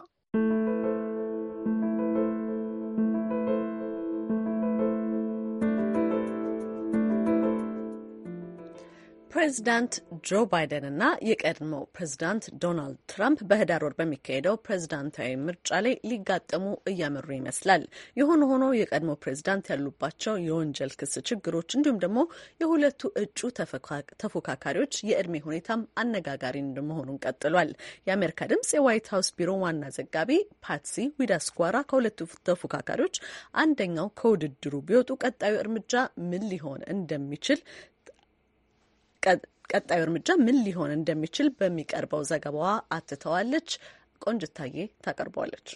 ፕሬዚዳንት ጆ ባይደን እና የቀድሞው ፕሬዚዳንት ዶናልድ ትራምፕ በህዳር ወር በሚካሄደው ፕሬዚዳንታዊ ምርጫ ላይ ሊጋጠሙ እያመሩ ይመስላል። የሆነ ሆኖ የቀድሞ ፕሬዚዳንት ያሉባቸው የወንጀል ክስ ችግሮች እንዲሁም ደግሞ የሁለቱ እጩ ተፎካካሪዎች የእድሜ ሁኔታም አነጋጋሪ መሆኑን ቀጥሏል። የአሜሪካ ድምጽ የዋይት ሀውስ ቢሮ ዋና ዘጋቢ ፓትሲ ዊዳስኳራ ከሁለቱ ተፎካካሪዎች አንደኛው ከውድድሩ ቢወጡ ቀጣዩ እርምጃ ምን ሊሆን እንደሚችል ቀጣዩ እርምጃ ምን ሊሆን እንደሚችል በሚቀርበው ዘገባዋ አትተዋለች። ቆንጅታዬ ታቀርበዋለች።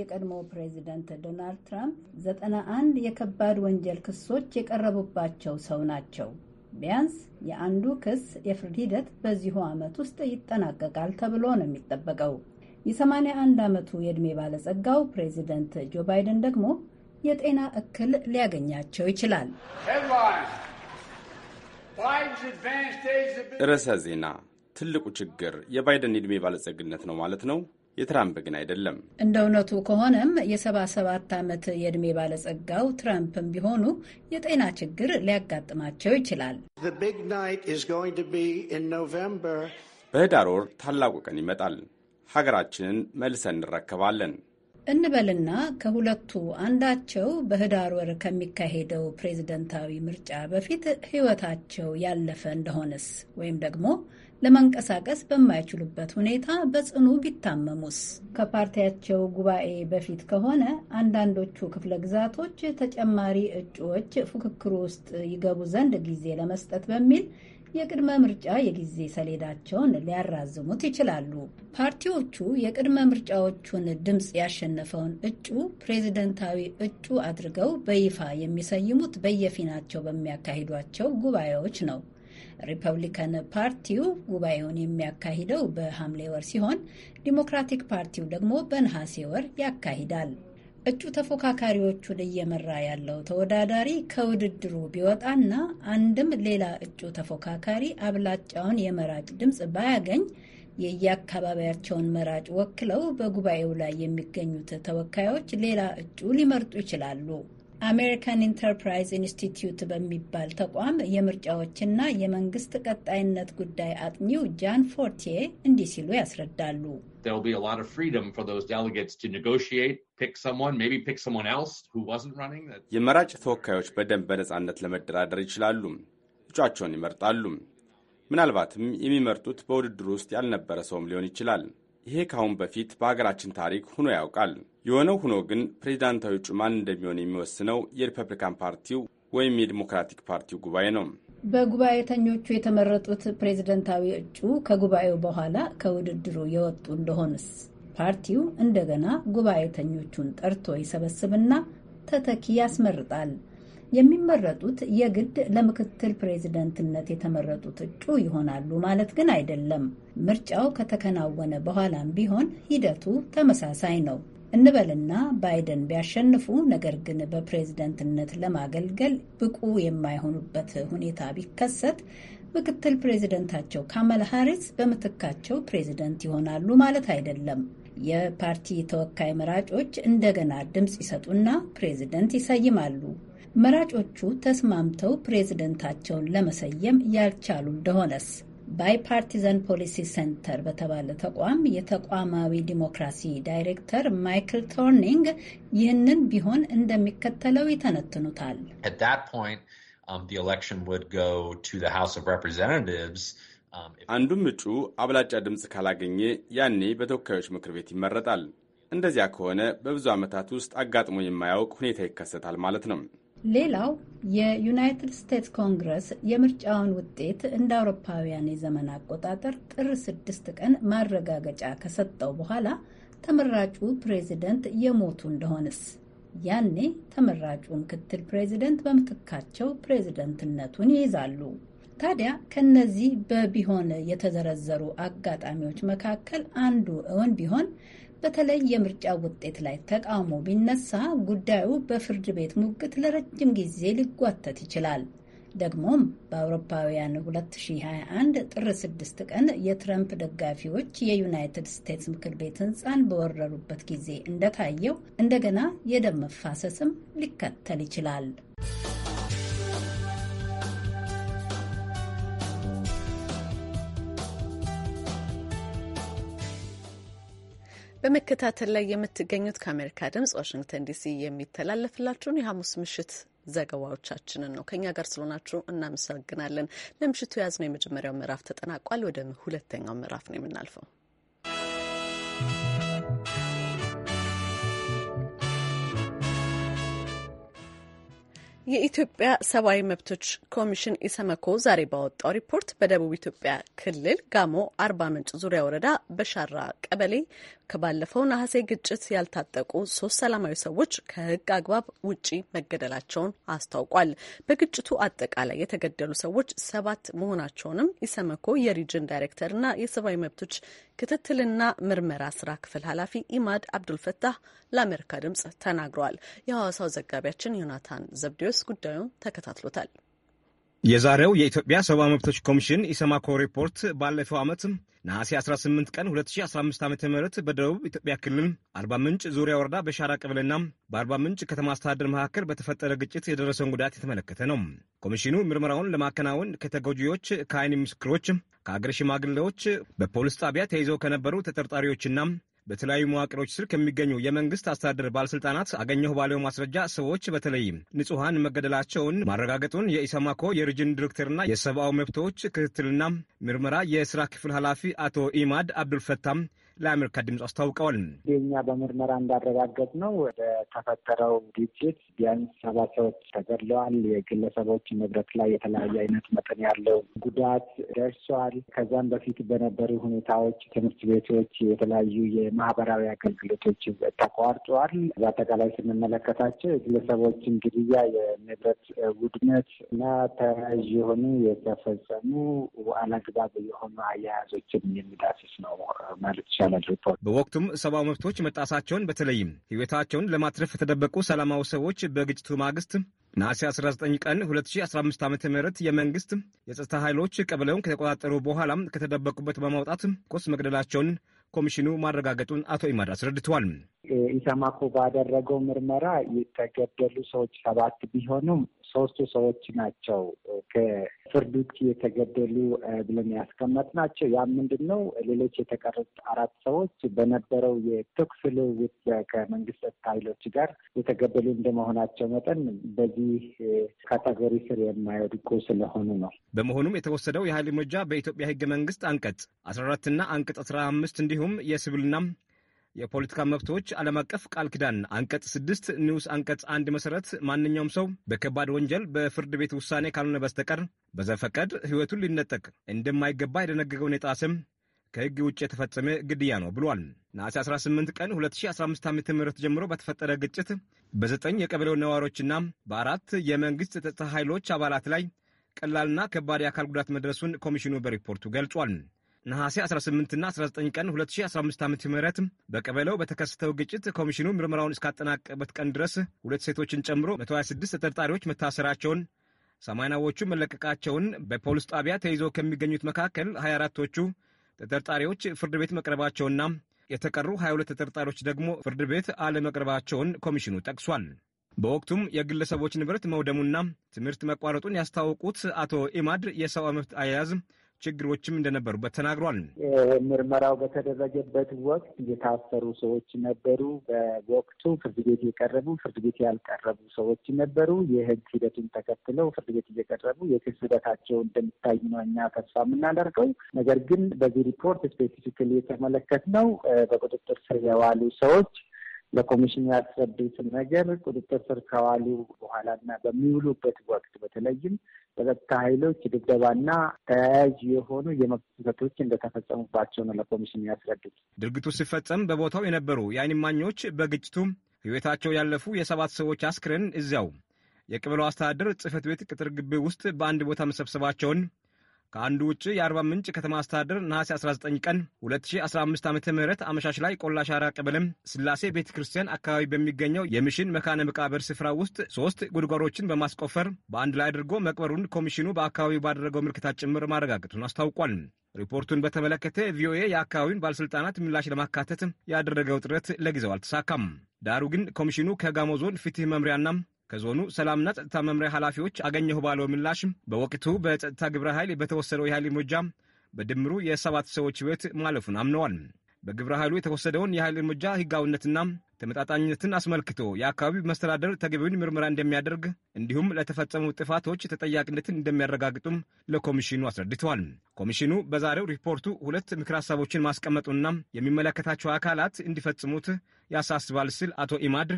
የቀድሞ ፕሬዚደንት ዶናልድ ትራምፕ ዘጠና አንድ የከባድ ወንጀል ክሶች የቀረቡባቸው ሰው ናቸው። ቢያንስ የአንዱ ክስ የፍርድ ሂደት በዚሁ ዓመት ውስጥ ይጠናቀቃል ተብሎ ነው የሚጠበቀው። የ81 ዓመቱ የዕድሜ ባለጸጋው ፕሬዚደንት ጆ ባይደን ደግሞ የጤና እክል ሊያገኛቸው ይችላል። ርዕሰ ዜና ትልቁ ችግር የባይደን ዕድሜ ባለጸግነት ነው ማለት ነው። የትራምፕ ግን አይደለም። እንደ እውነቱ ከሆነም የ77 ዓመት የዕድሜ ባለጸጋው ትራምፕም ቢሆኑ የጤና ችግር ሊያጋጥማቸው ይችላል። በህዳር ወር ታላቁ ቀን ይመጣል። ሀገራችንን መልሰን እንረከባለን። እንበልና ከሁለቱ አንዳቸው በህዳር ወር ከሚካሄደው ፕሬዝደንታዊ ምርጫ በፊት ህይወታቸው ያለፈ እንደሆነስ ወይም ደግሞ ለመንቀሳቀስ በማይችሉበት ሁኔታ በጽኑ ቢታመሙስ? ከፓርቲያቸው ጉባኤ በፊት ከሆነ አንዳንዶቹ ክፍለ ግዛቶች ተጨማሪ እጩዎች ፉክክሩ ውስጥ ይገቡ ዘንድ ጊዜ ለመስጠት በሚል የቅድመ ምርጫ የጊዜ ሰሌዳቸውን ሊያራዝሙት ይችላሉ። ፓርቲዎቹ የቅድመ ምርጫዎቹን ድምፅ ያሸነፈውን እጩ ፕሬዝደንታዊ እጩ አድርገው በይፋ የሚሰይሙት በየፊናቸው በሚያካሂዷቸው ጉባኤዎች ነው። ሪፐብሊካን ፓርቲው ጉባኤውን የሚያካሂደው በሐምሌ ወር ሲሆን ዲሞክራቲክ ፓርቲው ደግሞ በነሐሴ ወር ያካሂዳል። እጩ ተፎካካሪዎቹን እየመራ ያለው ተወዳዳሪ ከውድድሩ ቢወጣና አንድም ሌላ እጩ ተፎካካሪ አብላጫውን የመራጭ ድምፅ ባያገኝ የየአካባቢያቸውን መራጭ ወክለው በጉባኤው ላይ የሚገኙት ተወካዮች ሌላ እጩ ሊመርጡ ይችላሉ። አሜሪካን ኢንተርፕራይዝ ኢንስቲትዩት በሚባል ተቋም የምርጫዎችና የመንግስት ቀጣይነት ጉዳይ አጥኚው ጃን ፎርቲዬ እንዲህ ሲሉ ያስረዳሉ። የመራጭ ተወካዮች በደንብ በነፃነት ለመደራደር ይችላሉ። እጩአቸውን ይመርጣሉ። ምናልባትም የሚመርጡት በውድድሩ ውስጥ ያልነበረ ሰውም ሊሆን ይችላል። ይሄ ከአሁን በፊት በሀገራችን ታሪክ ሆኖ ያውቃል። የሆነው ሆኖ ግን ፕሬዚዳንታዊ እጩ ማን እንደሚሆን የሚወስነው የሪፐብሊካን ፓርቲው ወይም የዲሞክራቲክ ፓርቲው ጉባኤ ነው። በጉባኤተኞቹ የተመረጡት ፕሬዚደንታዊ እጩ ከጉባኤው በኋላ ከውድድሩ የወጡ እንደሆንስ ፓርቲው እንደገና ጉባኤተኞቹን ጠርቶ ይሰበስብና ተተኪ ያስመርጣል። የሚመረጡት የግድ ለምክትል ፕሬዚደንትነት የተመረጡት እጩ ይሆናሉ ማለት ግን አይደለም። ምርጫው ከተከናወነ በኋላም ቢሆን ሂደቱ ተመሳሳይ ነው እንበልና ባይደን ቢያሸንፉ፣ ነገር ግን በፕሬዝደንትነት ለማገልገል ብቁ የማይሆኑበት ሁኔታ ቢከሰት ምክትል ፕሬዝደንታቸው ካመል ሃሪስ በምትካቸው ፕሬዝደንት ይሆናሉ ማለት አይደለም። የፓርቲ ተወካይ መራጮች እንደገና ድምፅ ይሰጡና ፕሬዝደንት ይሰይማሉ። መራጮቹ ተስማምተው ፕሬዝደንታቸውን ለመሰየም ያልቻሉ እንደሆነስ? ባይፓርቲዘን ፖሊሲ ሴንተር በተባለ ተቋም የተቋማዊ ዲሞክራሲ ዳይሬክተር ማይክል ቶርኒንግ ይህንን ቢሆን እንደሚከተለው ይተነትኑታል። um, um, አንዱም እጩ አብላጫ ድምፅ ካላገኘ ያኔ በተወካዮች ምክር ቤት ይመረጣል። እንደዚያ ከሆነ በብዙ ዓመታት ውስጥ አጋጥሞ የማያውቅ ሁኔታ ይከሰታል ማለት ነው። ሌላው የዩናይትድ ስቴትስ ኮንግረስ የምርጫውን ውጤት እንደ አውሮፓውያን የዘመን አቆጣጠር ጥር ስድስት ቀን ማረጋገጫ ከሰጠው በኋላ ተመራጩ ፕሬዚደንት የሞቱ እንደሆንስ ያኔ ተመራጩ ምክትል ፕሬዚደንት በምትካቸው ፕሬዚደንትነቱን ይይዛሉ። ታዲያ ከነዚህ በቢሆን የተዘረዘሩ አጋጣሚዎች መካከል አንዱ እውን ቢሆን በተለይ የምርጫ ውጤት ላይ ተቃውሞ ቢነሳ ጉዳዩ በፍርድ ቤት ሙግት ለረጅም ጊዜ ሊጓተት ይችላል። ደግሞም በአውሮፓውያን 2021 ጥር 6 ቀን የትረምፕ ደጋፊዎች የዩናይትድ ስቴትስ ምክር ቤት ህንፃን በወረሩበት ጊዜ እንደታየው እንደገና የደም መፋሰስም ሊከተል ይችላል። በመከታተል ላይ የምትገኙት ከአሜሪካ ድምጽ ዋሽንግተን ዲሲ የሚተላለፍላችሁን የሐሙስ ምሽት ዘገባዎቻችንን ነው። ከኛ ጋር ስለሆናችሁ እናመሰግናለን። ለምሽቱ የያዝነው የመጀመሪያው ምዕራፍ ተጠናቋል። ወደ ሁለተኛው ምዕራፍ ነው የምናልፈው። የኢትዮጵያ ሰብአዊ መብቶች ኮሚሽን ኢሰመኮ ዛሬ ባወጣው ሪፖርት በደቡብ ኢትዮጵያ ክልል ጋሞ አርባ ምንጭ ዙሪያ ወረዳ በሻራ ቀበሌ ከባለፈው ነሐሴ ግጭት ያልታጠቁ ሶስት ሰላማዊ ሰዎች ከሕግ አግባብ ውጪ መገደላቸውን አስታውቋል። በግጭቱ አጠቃላይ የተገደሉ ሰዎች ሰባት መሆናቸውንም ኢሰመኮ የሪጅን ዳይሬክተርና የሰብአዊ መብቶች ክትትልና ምርመራ ስራ ክፍል ኃላፊ ኢማድ አብዱልፈታህ ለአሜሪካ ድምጽ ተናግረዋል። የሐዋሳው ዘጋቢያችን ዮናታን ዘብዴዎስ ጉዳዩን ተከታትሎታል። የዛሬው የኢትዮጵያ ሰብአዊ መብቶች ኮሚሽን ኢሰማኮ ሪፖርት ባለፈው ዓመት ነሐሴ 18 ቀን 2015 ዓ ም በደቡብ ኢትዮጵያ ክልል አርባ ምንጭ ዙሪያ ወረዳ በሻራ ቀበሌና በአርባ ምንጭ ከተማ አስተዳደር መካከል በተፈጠረ ግጭት የደረሰውን ጉዳት የተመለከተ ነው። ኮሚሽኑ ምርመራውን ለማከናወን ከተጎጂዎች፣ ከአይን ምስክሮች፣ ከአገር ሽማግሌዎች በፖሊስ ጣቢያ ተይዘው ከነበሩ ተጠርጣሪዎችና በተለያዩ መዋቅሮች ስር ከሚገኙ የመንግስት አስተዳደር ባለስልጣናት አገኘሁ ባለው ማስረጃ ሰዎች በተለይም ንጹሐን መገደላቸውን ማረጋገጡን የኢሰማኮ የሪጅን ዲሬክተርና የሰብአዊ መብቶች ክትትልና ምርመራ የስራ ክፍል ኃላፊ አቶ ኢማድ አብዱልፈታም ለአሜሪካ ድምፅ አስታውቀዋል። እኛ በምርመራ እንዳረጋገጥ ነው ወደ ተፈጠረው ግጭት ቢያንስ ሰባ ሰዎች ተገድለዋል። የግለሰቦች ንብረት ላይ የተለያየ አይነት መጠን ያለው ጉዳት ደርሷል። ከዛም በፊት በነበሩ ሁኔታዎች ትምህርት ቤቶች፣ የተለያዩ የማህበራዊ አገልግሎቶች ተቋርጠዋል። በአጠቃላይ ስንመለከታቸው የግለሰቦችን ግድያ፣ የንብረት ውድመት እና ተያያዥ የሆኑ የተፈጸሙ አላግባብ የሆኑ አያያዞችን የሚዳስስ ነው ማለት ቻናል ሪፖርት በወቅቱም ሰብአዊ መብቶች መጣሳቸውን በተለይም ህይወታቸውን ለማትረፍ የተደበቁ ሰላማዊ ሰዎች በግጭቱ ማግስት ነሐሴ 19 ቀን 2015 ዓ ም የመንግስት የጸጥታ ኃይሎች ቀበሌውን ከተቆጣጠሩ በኋላም ከተደበቁበት በማውጣት ቁስ መግደላቸውን ኮሚሽኑ ማረጋገጡን አቶ ኢማድ አስረድተዋል። ኢሰማኮ ባደረገው ምርመራ የተገደሉ ሰዎች ሰባት ቢሆኑም ሶስቱ ሰዎች ናቸው ከፍርድ ውጭ የተገደሉ ብለን ናቸው ያ ምንድን ነው? ሌሎች የተቀሩት አራት ሰዎች በነበረው የተኩስ ልውውጥ ከመንግስት ኃይሎች ጋር የተገደሉ እንደመሆናቸው መጠን በዚህ ካታጎሪ ስር የማይወድቁ ስለሆኑ ነው። በመሆኑም የተወሰደው የኃይል እርምጃ በኢትዮጵያ ህገ መንግስት አንቀጽ አስራ አራት አንቀጽ አስራ አምስት እንዲሁም የስብልና ። የፖለቲካ መብቶች ዓለም አቀፍ ቃል ኪዳን አንቀጽ ስድስት ንዑስ አንቀጽ አንድ መሰረት ማንኛውም ሰው በከባድ ወንጀል በፍርድ ቤት ውሳኔ ካልሆነ በስተቀር በዘፈቀድ ሕይወቱን ሊነጠቅ እንደማይገባ የደነገገውን የጣሰም ከሕግ ውጭ የተፈጸመ ግድያ ነው ብሏል። ነሐሴ 18 ቀን 2015 ዓ ም ጀምሮ በተፈጠረ ግጭት በዘጠኝ የቀበሌው ነዋሪዎችና በአራት የመንግሥት የጸጥታ ኃይሎች አባላት ላይ ቀላልና ከባድ የአካል ጉዳት መድረሱን ኮሚሽኑ በሪፖርቱ ገልጿል። ነሐሴ 18ና 19 ቀን 2015 ዓ ም በቀበሌው በተከሰተው ግጭት ኮሚሽኑ ምርመራውን እስካጠናቀበት ቀን ድረስ ሁለት ሴቶችን ጨምሮ 126 ተጠርጣሪዎች መታሰራቸውን፣ ሰማንያዎቹ መለቀቃቸውን፣ በፖሊስ ጣቢያ ተይዘው ከሚገኙት መካከል 24ቶቹ ተጠርጣሪዎች ፍርድ ቤት መቅረባቸውና የተቀሩ 22 ተጠርጣሪዎች ደግሞ ፍርድ ቤት አለመቅረባቸውን ኮሚሽኑ ጠቅሷል። በወቅቱም የግለሰቦች ንብረት መውደሙና ትምህርት መቋረጡን ያስታወቁት አቶ ኢማድ የሰብአዊ መብት አያያዝ ችግሮችም እንደነበሩበት ተናግሯል። ምርመራው በተደረገበት ወቅት የታሰሩ ሰዎች ነበሩ። በወቅቱ ፍርድ ቤት የቀረቡ ፍርድ ቤት ያልቀረቡ ሰዎች ነበሩ። የህግ ሂደቱን ተከትለው ፍርድ ቤት እየቀረቡ የክስ ሂደታቸው እንደሚታይ ነው እኛ ተስፋ የምናደርገው። ነገር ግን በዚህ ሪፖርት የተመለከት ነው በቁጥጥር ስር የዋሉ ሰዎች ለኮሚሽን ያስረዱትን ነገር ቁጥጥር ስር ከዋሉ በኋላና በሚውሉበት ወቅት በተለይም በጸጥታ ኃይሎች ድብደባና ተያያዥ የሆኑ የመብት ጥሰቶች እንደተፈጸሙባቸው ነው ለኮሚሽን ያስረዱት። ድርጊቱ ሲፈጸም በቦታው የነበሩ የዓይን እማኞች በግጭቱ ሕይወታቸው ያለፉ የሰባት ሰዎች አስክሬን እዚያው የቀበሌው አስተዳደር ጽሕፈት ቤት ቅጥር ግቢ ውስጥ በአንድ ቦታ መሰብሰባቸውን ከአንዱ ውጭ የአርባ ምንጭ ከተማ አስተዳደር ነሐሴ 19 ቀን 2015 ዓ ም አመሻሽ ላይ ቆላሻራ ቀበሌም ስላሴ ቤተ ክርስቲያን አካባቢ በሚገኘው የምሽን መካነ መቃብር ስፍራ ውስጥ ሶስት ጉድጓሮችን በማስቆፈር በአንድ ላይ አድርጎ መቅበሩን ኮሚሽኑ በአካባቢው ባደረገው ምልክታት ጭምር ማረጋገጡን አስታውቋል። ሪፖርቱን በተመለከተ ቪኦኤ የአካባቢውን ባለሥልጣናት ምላሽ ለማካተት ያደረገው ጥረት ለጊዜው አልተሳካም። ዳሩ ግን ኮሚሽኑ ከጋሞ ዞን ፍትህ መምሪያና ከዞኑ ሰላምና ጸጥታ መምሪያ ኃላፊዎች አገኘሁ ባለው ምላሽ በወቅቱ በጸጥታ ግብረ ኃይል በተወሰደው የኃይል እርምጃ በድምሩ የሰባት ሰዎች ሕይወት ማለፉን አምነዋል። በግብረ ኃይሉ የተወሰደውን የኃይል እርምጃ ሕጋዊነትና ተመጣጣኝነትን አስመልክቶ የአካባቢው መስተዳደር ተገቢውን ምርመራ እንደሚያደርግ እንዲሁም ለተፈጸሙ ጥፋቶች ተጠያቂነትን እንደሚያረጋግጡም ለኮሚሽኑ አስረድተዋል። ኮሚሽኑ በዛሬው ሪፖርቱ ሁለት ምክር ሀሳቦችን ማስቀመጡና የሚመለከታቸው አካላት እንዲፈጽሙት ያሳስባል ሲል አቶ ኢማድ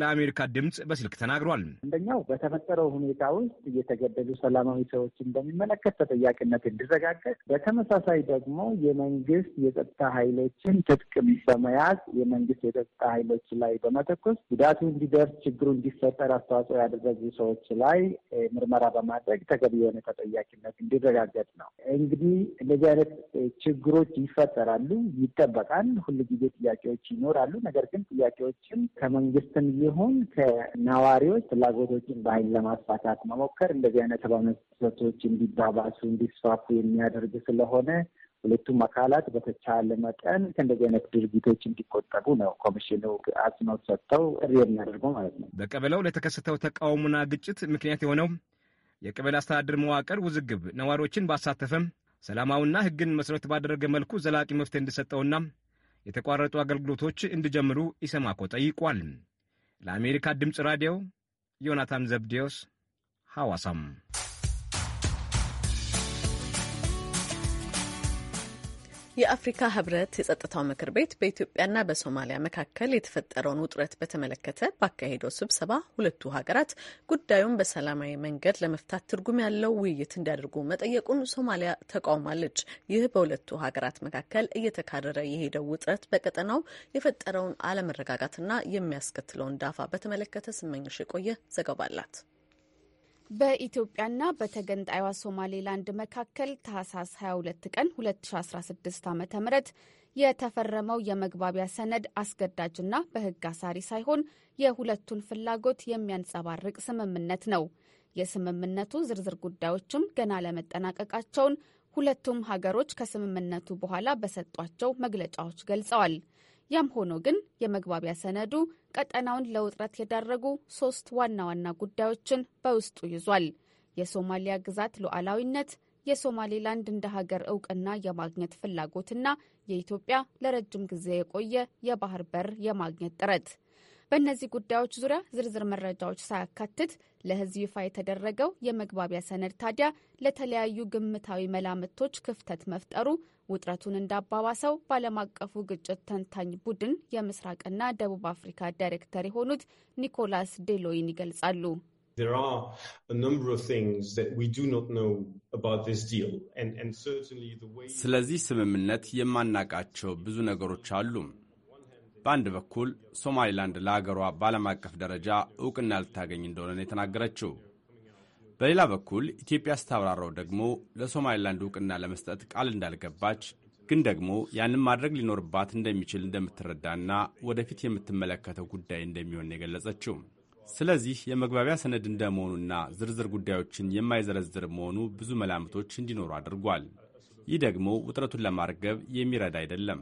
ለአሜሪካ ድምፅ በስልክ ተናግሯል። አንደኛው በተፈጠረው ሁኔታ ውስጥ እየተገደሉ ሰላማዊ ሰዎችን በሚመለከት ተጠያቂነት እንዲረጋገጥ፣ በተመሳሳይ ደግሞ የመንግስት የጸጥታ ኃይሎችን ትጥቅም በመያዝ የመንግስት የጸጥታ ኃይሎች ላይ በመተኮስ ጉዳቱ እንዲደርስ ችግሩ እንዲፈጠር አስተዋጽኦ ያደረጉ ሰዎች ላይ ምርመራ በማድረግ ተገቢ የሆነ ተጠያቂነት እንዲረጋገጥ ነው። እንግዲህ እንደዚህ አይነት ችግሮች ይፈጠራሉ፣ ይጠበቃል። ሁልጊዜ ጥያቄዎች ይኖራሉ። ነገር ግን ጥያቄዎችን ከመንግስትን ይሁን ከነዋሪዎች ፍላጎቶችን በኃይል ለማስፋታት መሞከር እንደዚህ አይነት ሰቶች እንዲባባሱ እንዲስፋፉ የሚያደርግ ስለሆነ ሁለቱም አካላት በተቻለ መጠን ከእንደዚህ አይነት ድርጊቶች እንዲቆጠቡ ነው ኮሚሽኑ አጽንኦት ሰጥተው ጥሪ የሚያደርገው ማለት ነው። በቀበለው ለተከሰተው ተቃውሞና ግጭት ምክንያት የሆነው የቀበሌ አስተዳደር መዋቅር ውዝግብ ነዋሪዎችን ባሳተፈም ሰላማዊና ሕግን መሰረት ባደረገ መልኩ ዘላቂ መፍትሄ እንዲሰጠውና የተቋረጡ አገልግሎቶች እንዲጀምሩ ኢሰማኮ ጠይቋል። ለአሜሪካ ድምፅ ራዲዮ ዮናታን ዘብዴዎስ ሐዋሳም የአፍሪካ ህብረት የጸጥታው ምክር ቤት በኢትዮጵያና በሶማሊያ መካከል የተፈጠረውን ውጥረት በተመለከተ ባካሄደው ስብሰባ ሁለቱ ሀገራት ጉዳዩን በሰላማዊ መንገድ ለመፍታት ትርጉም ያለው ውይይት እንዲያደርጉ መጠየቁን ሶማሊያ ተቃውማለች። ይህ በሁለቱ ሀገራት መካከል እየተካረረ የሄደው ውጥረት በቀጠናው የፈጠረውን አለመረጋጋትና የሚያስከትለውን ዳፋ በተመለከተ ስመኝሽ የቆየ ዘገባ አላት። በኢትዮጵያና በተገንጣይዋ ሶማሌላንድ መካከል ታህሳስ 22 ቀን 2016 ዓ ም የተፈረመው የመግባቢያ ሰነድ አስገዳጅና በሕግ አሳሪ ሳይሆን የሁለቱን ፍላጎት የሚያንጸባርቅ ስምምነት ነው። የስምምነቱ ዝርዝር ጉዳዮችም ገና ለመጠናቀቃቸውን ሁለቱም ሀገሮች ከስምምነቱ በኋላ በሰጧቸው መግለጫዎች ገልጸዋል። ያም ሆኖ ግን የመግባቢያ ሰነዱ ቀጠናውን ለውጥረት የዳረጉ ሶስት ዋና ዋና ጉዳዮችን በውስጡ ይዟል። የሶማሊያ ግዛት ሉዓላዊነት፣ የሶማሌላንድ እንደ ሀገር እውቅና የማግኘት ፍላጎትና የኢትዮጵያ ለረጅም ጊዜ የቆየ የባህር በር የማግኘት ጥረት በእነዚህ ጉዳዮች ዙሪያ ዝርዝር መረጃዎች ሳያካትት ለሕዝብ ይፋ የተደረገው የመግባቢያ ሰነድ ታዲያ ለተለያዩ ግምታዊ መላምቶች ክፍተት መፍጠሩ ውጥረቱን እንዳባባሰው በዓለም አቀፉ ግጭት ተንታኝ ቡድን የምስራቅና ደቡብ አፍሪካ ዳይሬክተር የሆኑት ኒኮላስ ዴሎይን ይገልጻሉ። ስለዚህ ስምምነት የማናቃቸው ብዙ ነገሮች አሉ። በአንድ በኩል ሶማሊላንድ ለአገሯ በዓለም አቀፍ ደረጃ ዕውቅና ልታገኝ እንደሆነ ነው የተናገረችው። በሌላ በኩል ኢትዮጵያ ስታብራራው ደግሞ ለሶማሊላንድ ዕውቅና ለመስጠት ቃል እንዳልገባች ግን ደግሞ ያንን ማድረግ ሊኖርባት እንደሚችል እንደምትረዳና ወደፊት የምትመለከተው ጉዳይ እንደሚሆን የገለጸችው። ስለዚህ የመግባቢያ ሰነድ እንደመሆኑና ዝርዝር ጉዳዮችን የማይዘረዝር መሆኑ ብዙ መላምቶች እንዲኖሩ አድርጓል። ይህ ደግሞ ውጥረቱን ለማርገብ የሚረዳ አይደለም።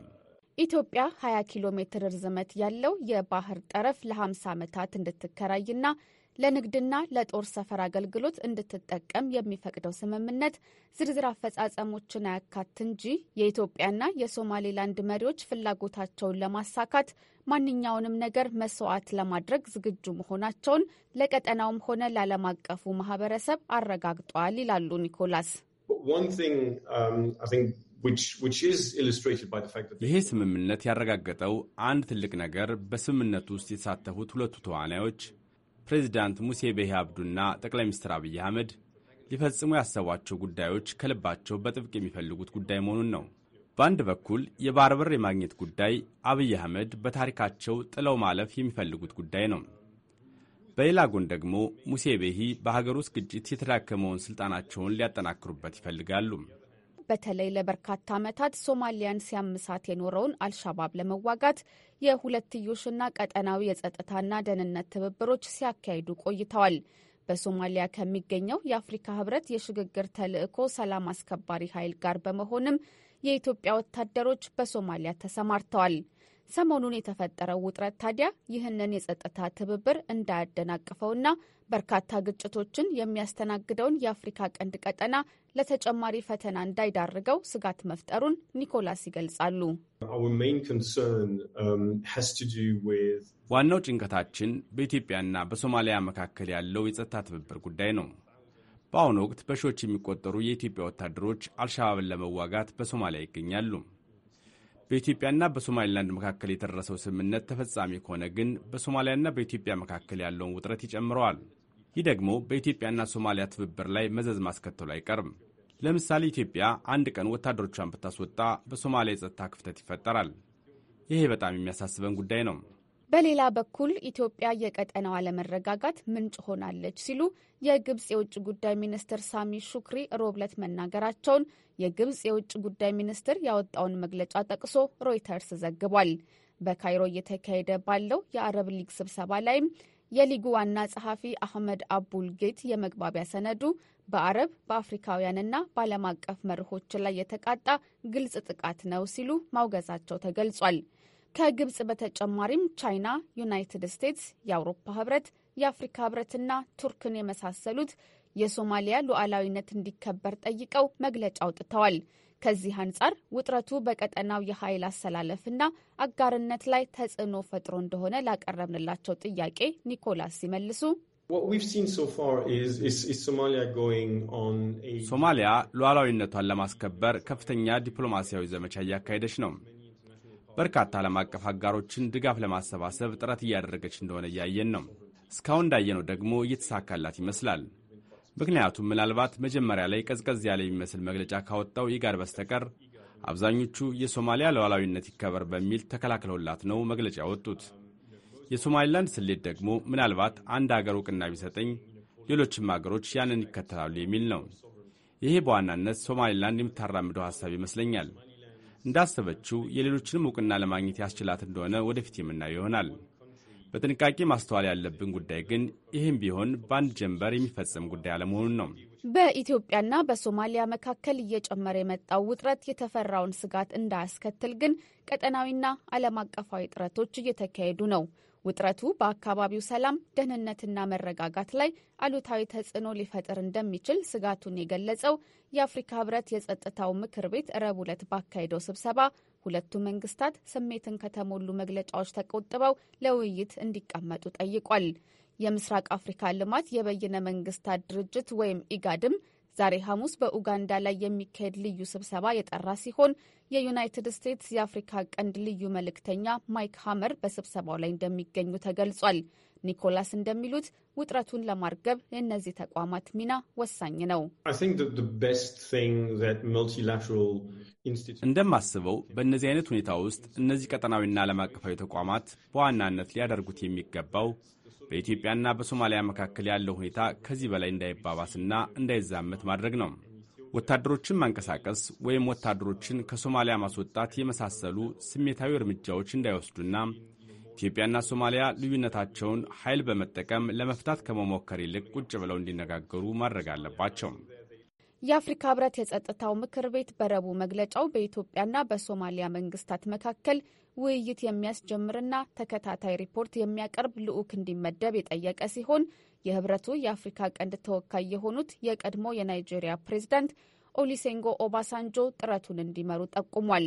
ኢትዮጵያ 20 ኪሎ ሜትር ርዝመት ያለው የባህር ጠረፍ ለ50 ዓመታት እንድትከራይና ለንግድና ለጦር ሰፈር አገልግሎት እንድትጠቀም የሚፈቅደው ስምምነት ዝርዝር አፈጻጸሞችን አያካት እንጂ የኢትዮጵያና የሶማሌላንድ መሪዎች ፍላጎታቸውን ለማሳካት ማንኛውንም ነገር መስዋዕት ለማድረግ ዝግጁ መሆናቸውን ለቀጠናውም ሆነ ለዓለም አቀፉ ማህበረሰብ አረጋግጧል ይላሉ ኒኮላስ። um, ይሄ ስምምነት ያረጋገጠው አንድ ትልቅ ነገር በስምምነቱ ውስጥ የተሳተፉት ሁለቱ ተዋናዮች ፕሬዚዳንት ሙሴ ቤሂ አብዱና ጠቅላይ ሚኒስትር አብይ አህመድ ሊፈጽሙ ያሰቧቸው ጉዳዮች ከልባቸው በጥብቅ የሚፈልጉት ጉዳይ መሆኑን ነው። በአንድ በኩል የባህር በር የማግኘት ጉዳይ አብይ አህመድ በታሪካቸው ጥለው ማለፍ የሚፈልጉት ጉዳይ ነው። በሌላ ጎን ደግሞ ሙሴ ቤሂ በሀገር ውስጥ ግጭት የተዳከመውን ስልጣናቸውን ሊያጠናክሩበት ይፈልጋሉ። በተለይ ለበርካታ ዓመታት ሶማሊያን ሲያምሳት የኖረውን አልሻባብ ለመዋጋት የሁለትዮሽና ቀጠናዊ የጸጥታና ደህንነት ትብብሮች ሲያካሂዱ ቆይተዋል። በሶማሊያ ከሚገኘው የአፍሪካ ህብረት የሽግግር ተልዕኮ ሰላም አስከባሪ ኃይል ጋር በመሆንም የኢትዮጵያ ወታደሮች በሶማሊያ ተሰማርተዋል። ሰሞኑን የተፈጠረው ውጥረት ታዲያ ይህንን የጸጥታ ትብብር እንዳያደናቅፈውና በርካታ ግጭቶችን የሚያስተናግደውን የአፍሪካ ቀንድ ቀጠና ለተጨማሪ ፈተና እንዳይዳርገው ስጋት መፍጠሩን ኒኮላስ ይገልጻሉ። um, ዋናው ጭንቀታችን በኢትዮጵያና በሶማሊያ መካከል ያለው የጸጥታ ትብብር ጉዳይ ነው። በአሁኑ ወቅት በሺዎች የሚቆጠሩ የኢትዮጵያ ወታደሮች አልሻባብን ለመዋጋት በሶማሊያ ይገኛሉ። በኢትዮጵያና በሶማሊላንድ መካከል የተደረሰው ስምምነት ተፈጻሚ ከሆነ ግን በሶማሊያና በኢትዮጵያ መካከል ያለውን ውጥረት ይጨምረዋል። ይህ ደግሞ በኢትዮጵያና ሶማሊያ ትብብር ላይ መዘዝ ማስከተሉ አይቀርም። ለምሳሌ ኢትዮጵያ አንድ ቀን ወታደሮቿን ብታስወጣ በሶማሊያ የጸጥታ ክፍተት ይፈጠራል። ይሄ በጣም የሚያሳስበን ጉዳይ ነው። በሌላ በኩል ኢትዮጵያ የቀጠናው አለመረጋጋት ምንጭ ሆናለች ሲሉ የግብጽ የውጭ ጉዳይ ሚኒስትር ሳሚ ሹክሪ ሮብለት መናገራቸውን የግብፅ የውጭ ጉዳይ ሚኒስትር ያወጣውን መግለጫ ጠቅሶ ሮይተርስ ዘግቧል። በካይሮ እየተካሄደ ባለው የአረብ ሊግ ስብሰባ ላይም የሊጉ ዋና ጸሐፊ አህመድ አቡል ጌት የመግባቢያ ሰነዱ በአረብ በአፍሪካውያንና በዓለም አቀፍ መርሆች ላይ የተቃጣ ግልጽ ጥቃት ነው ሲሉ ማውገዛቸው ተገልጿል። ከግብጽ በተጨማሪም ቻይና፣ ዩናይትድ ስቴትስ፣ የአውሮፓ ህብረት፣ የአፍሪካ ህብረትና ቱርክን የመሳሰሉት የሶማሊያ ሉዓላዊነት እንዲከበር ጠይቀው መግለጫ አውጥተዋል። ከዚህ አንጻር ውጥረቱ በቀጠናው የኃይል አሰላለፍና አጋርነት ላይ ተጽዕኖ ፈጥሮ እንደሆነ ላቀረብንላቸው ጥያቄ ኒኮላስ ሲመልሱ ሶማሊያ ሉዓላዊነቷን ለማስከበር ከፍተኛ ዲፕሎማሲያዊ ዘመቻ እያካሄደች ነው። በርካታ ዓለም አቀፍ አጋሮችን ድጋፍ ለማሰባሰብ ጥረት እያደረገች እንደሆነ እያየን ነው። እስካሁን እንዳየነው ደግሞ እየተሳካላት ይመስላል። ምክንያቱም ምናልባት መጀመሪያ ላይ ቀዝቀዝ ያለ የሚመስል መግለጫ ካወጣው ይጋር በስተቀር አብዛኞቹ የሶማሊያ ሉዓላዊነት ይከበር በሚል ተከላክለውላት ነው መግለጫ ያወጡት። የሶማሊላንድ ስሌት ደግሞ ምናልባት አንድ አገር እውቅና ቢሰጠኝ ሌሎችም አገሮች ያንን ይከተላሉ የሚል ነው። ይሄ በዋናነት ሶማሊላንድ የምታራምደው ሐሳብ ይመስለኛል። እንዳሰበችው የሌሎችንም እውቅና ለማግኘት ያስችላት እንደሆነ ወደፊት የምናየው ይሆናል። በጥንቃቄ ማስተዋል ያለብን ጉዳይ ግን ይህም ቢሆን በአንድ ጀንበር የሚፈጸም ጉዳይ አለመሆኑን ነው። በኢትዮጵያና በሶማሊያ መካከል እየጨመረ የመጣው ውጥረት የተፈራውን ስጋት እንዳያስከትል ግን ቀጠናዊና ዓለም አቀፋዊ ጥረቶች እየተካሄዱ ነው። ውጥረቱ በአካባቢው ሰላም፣ ደህንነትና መረጋጋት ላይ አሉታዊ ተጽዕኖ ሊፈጥር እንደሚችል ስጋቱን የገለጸው የአፍሪካ ህብረት የጸጥታው ምክር ቤት ረቡዕ ዕለት ባካሄደው ስብሰባ ሁለቱ መንግስታት ስሜትን ከተሞሉ መግለጫዎች ተቆጥበው ለውይይት እንዲቀመጡ ጠይቋል። የምስራቅ አፍሪካ ልማት የበይነ መንግስታት ድርጅት ወይም ኢጋድም ዛሬ ሐሙስ በኡጋንዳ ላይ የሚካሄድ ልዩ ስብሰባ የጠራ ሲሆን የዩናይትድ ስቴትስ የአፍሪካ ቀንድ ልዩ መልእክተኛ ማይክ ሃመር በስብሰባው ላይ እንደሚገኙ ተገልጿል። ኒኮላስ እንደሚሉት ውጥረቱን ለማርገብ የእነዚህ ተቋማት ሚና ወሳኝ ነው። እንደማስበው በእነዚህ አይነት ሁኔታ ውስጥ እነዚህ ቀጠናዊና ዓለም አቀፋዊ ተቋማት በዋናነት ሊያደርጉት የሚገባው በኢትዮጵያና በሶማሊያ መካከል ያለው ሁኔታ ከዚህ በላይ እንዳይባባስና እንዳይዛመት ማድረግ ነው። ወታደሮችን ማንቀሳቀስ ወይም ወታደሮችን ከሶማሊያ ማስወጣት የመሳሰሉ ስሜታዊ እርምጃዎች እንዳይወስዱና ኢትዮጵያና ሶማሊያ ልዩነታቸውን ኃይል በመጠቀም ለመፍታት ከመሞከር ይልቅ ቁጭ ብለው እንዲነጋገሩ ማድረግ አለባቸው። የአፍሪካ ህብረት የጸጥታው ምክር ቤት በረቡ መግለጫው በኢትዮጵያና በሶማሊያ መንግስታት መካከል ውይይት የሚያስጀምርና ተከታታይ ሪፖርት የሚያቀርብ ልዑክ እንዲመደብ የጠየቀ ሲሆን የህብረቱ የአፍሪካ ቀንድ ተወካይ የሆኑት የቀድሞ የናይጄሪያ ፕሬዝዳንት ኦሊሴንጎ ኦባሳንጆ ጥረቱን እንዲመሩ ጠቁሟል።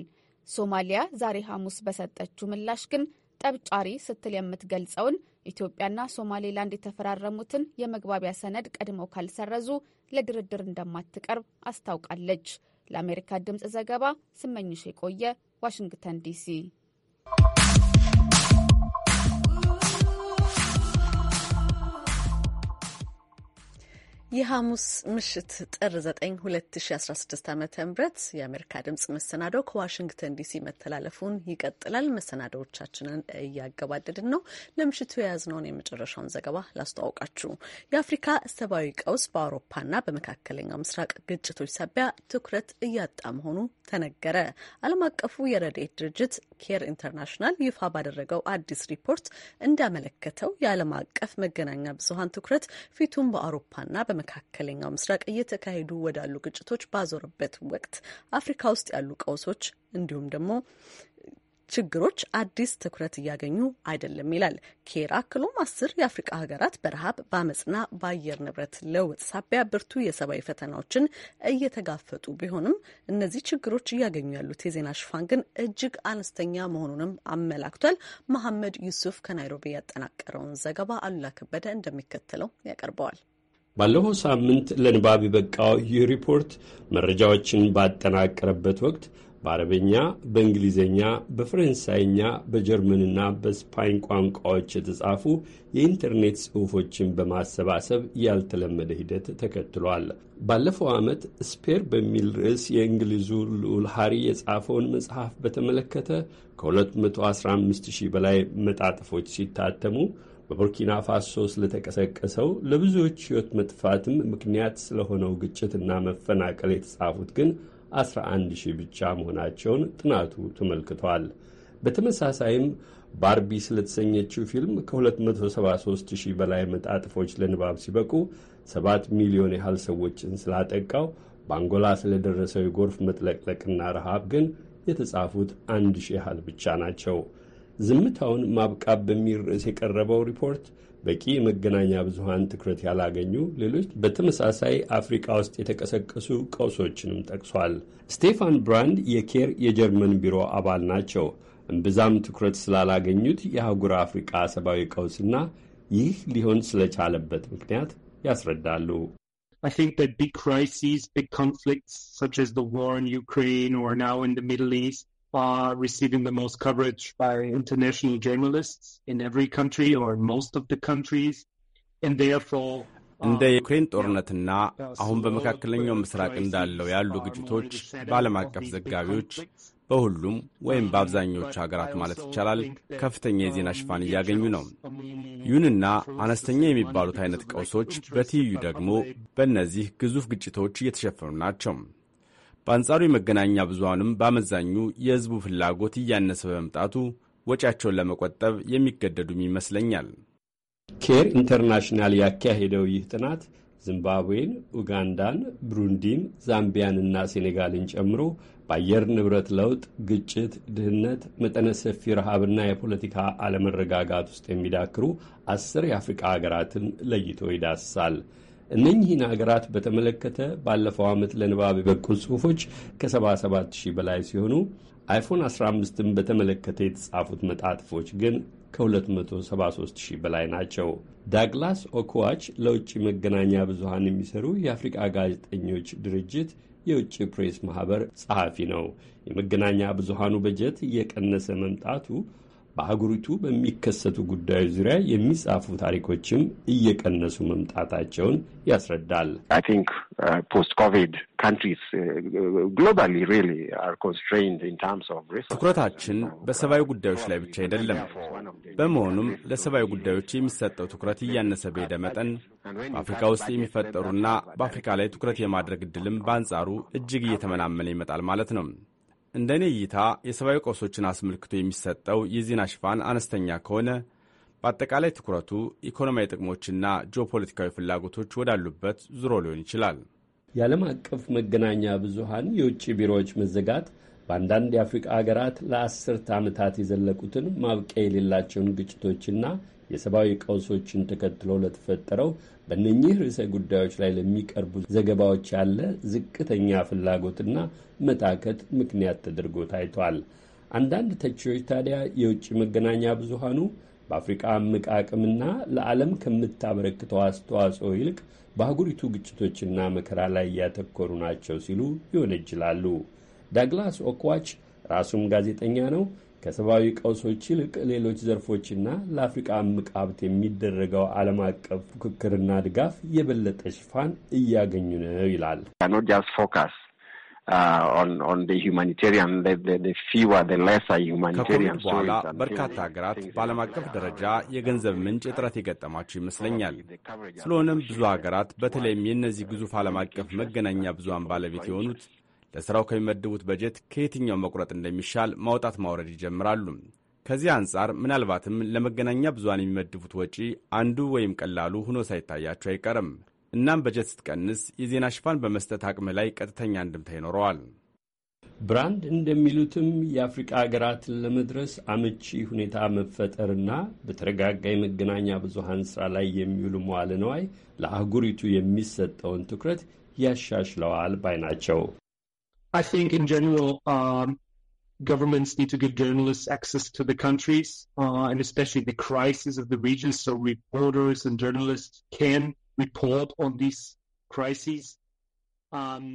ሶማሊያ ዛሬ ሐሙስ በሰጠችው ምላሽ ግን ጠብጫሪ ስትል የምትገልጸውን ኢትዮጵያና ሶማሌላንድ የተፈራረሙትን የመግባቢያ ሰነድ ቀድመው ካልሰረዙ ለድርድር እንደማትቀርብ አስታውቃለች። ለአሜሪካ ድምፅ ዘገባ ስመኝሽ የቆየ ዋሽንግተን ዲሲ። የሐሙስ ምሽት ጥር 9 2016 ዓ ም የአሜሪካ ድምፅ መሰናዶ ከዋሽንግተን ዲሲ መተላለፉን ይቀጥላል። መሰናዶዎቻችንን እያገባደድን ነው። ለምሽቱ የያዝነውን የመጨረሻውን ዘገባ ላስተዋውቃችሁ። የአፍሪካ ሰብአዊ ቀውስ በአውሮፓና በመካከለኛው ምስራቅ ግጭቶች ሳቢያ ትኩረት እያጣ መሆኑ ተነገረ። ዓለም አቀፉ የረድኤት ድርጅት ኬር ኢንተርናሽናል ይፋ ባደረገው አዲስ ሪፖርት እንዳመለከተው የዓለም አቀፍ መገናኛ ብዙሀን ትኩረት ፊቱን በአውሮፓና በመካከለኛው ምስራቅ እየተካሄዱ ወዳሉ ግጭቶች ባዞረበት ወቅት አፍሪካ ውስጥ ያሉ ቀውሶች እንዲሁም ደግሞ ችግሮች አዲስ ትኩረት እያገኙ አይደለም ይላል። ኬር አክሎም አስር የአፍሪቃ ሀገራት በረሃብ በአመፅና በአየር ንብረት ለውጥ ሳቢያ ብርቱ የሰብአዊ ፈተናዎችን እየተጋፈጡ ቢሆንም እነዚህ ችግሮች እያገኙ ያሉት የዜና ሽፋን ግን እጅግ አነስተኛ መሆኑንም አመላክቷል። መሐመድ ዩሱፍ ከናይሮቢ ያጠናቀረውን ዘገባ አሉላ ከበደ እንደሚከተለው ያቀርበዋል። ባለፈው ሳምንት ለንባብ የበቃው ይህ ሪፖርት መረጃዎችን ባጠናቀረበት ወቅት በአረበኛ፣ በእንግሊዝኛ፣ በፈረንሳይኛ፣ በጀርመንና በስፓኝ ቋንቋዎች የተጻፉ የኢንተርኔት ጽሑፎችን በማሰባሰብ ያልተለመደ ሂደት ተከትሏል። ባለፈው ዓመት ስፔር በሚል ርዕስ የእንግሊዙ ልዑል ሃሪ የጻፈውን መጽሐፍ በተመለከተ ከ215 ሺህ በላይ መጣጥፎች ሲታተሙ በቡርኪና ፋሶ ስለተቀሰቀሰው ለብዙዎች ሕይወት መጥፋትም ምክንያት ስለሆነው ግጭትና መፈናቀል የተጻፉት ግን 11 ሺህ ብቻ መሆናቸውን ጥናቱ ተመልክቷል። በተመሳሳይም ባርቢ ስለተሰኘችው ፊልም ከ273 ሺህ በላይ መጣጥፎች ለንባብ ሲበቁ 7 ሚሊዮን ያህል ሰዎችን ስላጠቃው በአንጎላ ስለደረሰው የጎርፍ መጥለቅለቅና ረሃብ ግን የተጻፉት አንድ ሺህ ያህል ብቻ ናቸው። ዝምታውን ማብቃት በሚል ርዕስ የቀረበው ሪፖርት በቂ የመገናኛ ብዙሃን ትኩረት ያላገኙ ሌሎች በተመሳሳይ አፍሪካ ውስጥ የተቀሰቀሱ ቀውሶችንም ጠቅሷል። ስቴፋን ብራንድ የኬር የጀርመን ቢሮ አባል ናቸው። እምብዛም ትኩረት ስላላገኙት የአህጉር አፍሪቃ ሰብአዊ ቀውስና ይህ ሊሆን ስለቻለበት ምክንያት ያስረዳሉ። I think that big crises, big conflicts, such as the war in Ukraine or now in the Middle East, far receiving the most coverage by international journalists in every country or most of the countries, and therefore እንደ uh, ዩክሬን ጦርነትና uh, አሁን በመካከለኛው ምስራቅ እንዳለው ያሉ uh, ግጭቶች በዓለም አቀፍ ዘጋቢዎች በሁሉም ወይም በአብዛኞቹ ሀገራት ማለት ይቻላል ከፍተኛ የዜና ሽፋን እያገኙ ነው። um, ይሁንና አነስተኛ የሚባሉት አይነት ቀውሶች በትይዩ ደግሞ በእነዚህ ግዙፍ ግጭቶች እየተሸፈኑ ናቸው። በአንጻሩ የመገናኛ ብዙሃንም በአመዛኙ የሕዝቡ ፍላጎት እያነሰ በመምጣቱ ወጪያቸውን ለመቆጠብ የሚገደዱም ይመስለኛል። ኬር ኢንተርናሽናል ያካሄደው ይህ ጥናት ዚምባብዌን፣ ኡጋንዳን፣ ብሩንዲን፣ ዛምቢያንና ሴኔጋልን ጨምሮ በአየር ንብረት ለውጥ፣ ግጭት፣ ድህነት፣ መጠነ ሰፊ ረሃብና የፖለቲካ አለመረጋጋት ውስጥ የሚዳክሩ አስር የአፍሪቃ ሀገራትን ለይቶ ይዳስሳል። እነኚህን ሀገራት በተመለከተ ባለፈው ዓመት ለንባብ የበቁት ጽሑፎች ከ77 ሺህ በላይ ሲሆኑ አይፎን 15ን በተመለከተ የተጻፉት መጣጥፎች ግን ከ273 ሺህ በላይ ናቸው። ዳግላስ ኦኩዋች ለውጭ መገናኛ ብዙሃን የሚሰሩ የአፍሪቃ ጋዜጠኞች ድርጅት የውጭ ፕሬስ ማህበር ጸሐፊ ነው። የመገናኛ ብዙሃኑ በጀት እየቀነሰ መምጣቱ በአህጉሪቱ በሚከሰቱ ጉዳዮች ዙሪያ የሚጻፉ ታሪኮችም እየቀነሱ መምጣታቸውን ያስረዳል። uh, uh, ትኩረታችን በሰብአዊ ጉዳዮች ላይ ብቻ አይደለም። በመሆኑም ለሰብአዊ ጉዳዮች የሚሰጠው ትኩረት እያነሰ በሄደ መጠን በአፍሪካ ውስጥ የሚፈጠሩና በአፍሪካ ላይ ትኩረት የማድረግ እድልም በአንጻሩ እጅግ እየተመናመነ ይመጣል ማለት ነው። እንደ እኔ እይታ የሰብአዊ ቀውሶችን አስመልክቶ የሚሰጠው የዜና ሽፋን አነስተኛ ከሆነ በአጠቃላይ ትኩረቱ ኢኮኖሚያዊ ጥቅሞችና ጂኦፖለቲካዊ ፍላጎቶች ወዳሉበት ዙሮ ሊሆን ይችላል። የዓለም አቀፍ መገናኛ ብዙሃን የውጭ ቢሮዎች መዘጋት በአንዳንድ የአፍሪቃ ሀገራት ለአስርተ ዓመታት የዘለቁትን ማብቂያ የሌላቸውን ግጭቶችና የሰብአዊ ቀውሶችን ተከትሎ ለተፈጠረው በእነኚህ ርዕሰ ጉዳዮች ላይ ለሚቀርቡ ዘገባዎች ያለ ዝቅተኛ ፍላጎትና መታከት ምክንያት ተደርጎ ታይቷል። አንዳንድ ተቺዎች ታዲያ የውጭ መገናኛ ብዙሃኑ በአፍሪቃ እምቅ ለዓለም ከምታበረክተው አስተዋጽኦ ይልቅ በአህጉሪቱ ግጭቶችና መከራ ላይ እያተኮሩ ናቸው ሲሉ ይወነጅላሉ። ዳግላስ ኦክዋች ራሱም ጋዜጠኛ ነው። ከሰብአዊ ቀውሶች ይልቅ ሌሎች ዘርፎችና ለአፍሪቃ እምቅ ሀብት የሚደረገው ዓለም አቀፍ ፉክክርና ድጋፍ የበለጠ ሽፋን እያገኙ ነው ይላል። ከኮቪድ በኋላ በርካታ ሀገራት በዓለም አቀፍ ደረጃ የገንዘብ ምንጭ እጥረት የገጠማቸው ይመስለኛል። ስለሆነም ብዙ ሀገራት በተለይም የእነዚህ ግዙፍ ዓለም አቀፍ መገናኛ ብዙሃን ባለቤት የሆኑት ለሥራው ከሚመድቡት በጀት ከየትኛው መቁረጥ እንደሚሻል ማውጣት ማውረድ ይጀምራሉ። ከዚህ አንጻር ምናልባትም ለመገናኛ ብዙሃን የሚመድቡት ወጪ አንዱ ወይም ቀላሉ ሆኖ ሳይታያቸው አይቀርም። እናም በጀት ስትቀንስ የዜና ሽፋን በመስጠት አቅምህ ላይ ቀጥተኛ አንድምታ ይኖረዋል። ብራንድ እንደሚሉትም የአፍሪቃ ሀገራትን ለመድረስ አመቺ ሁኔታ መፈጠርና በተረጋጋ የመገናኛ ብዙሀን ስራ ላይ የሚውሉ መዋለ ነዋይ ለአህጉሪቱ የሚሰጠውን ትኩረት ያሻሽለዋል ባይ ናቸው። I think in general, um, governments need to give journalists access to the countries uh, and especially the crisis of the region so reporters and journalists can report on these crises. Um,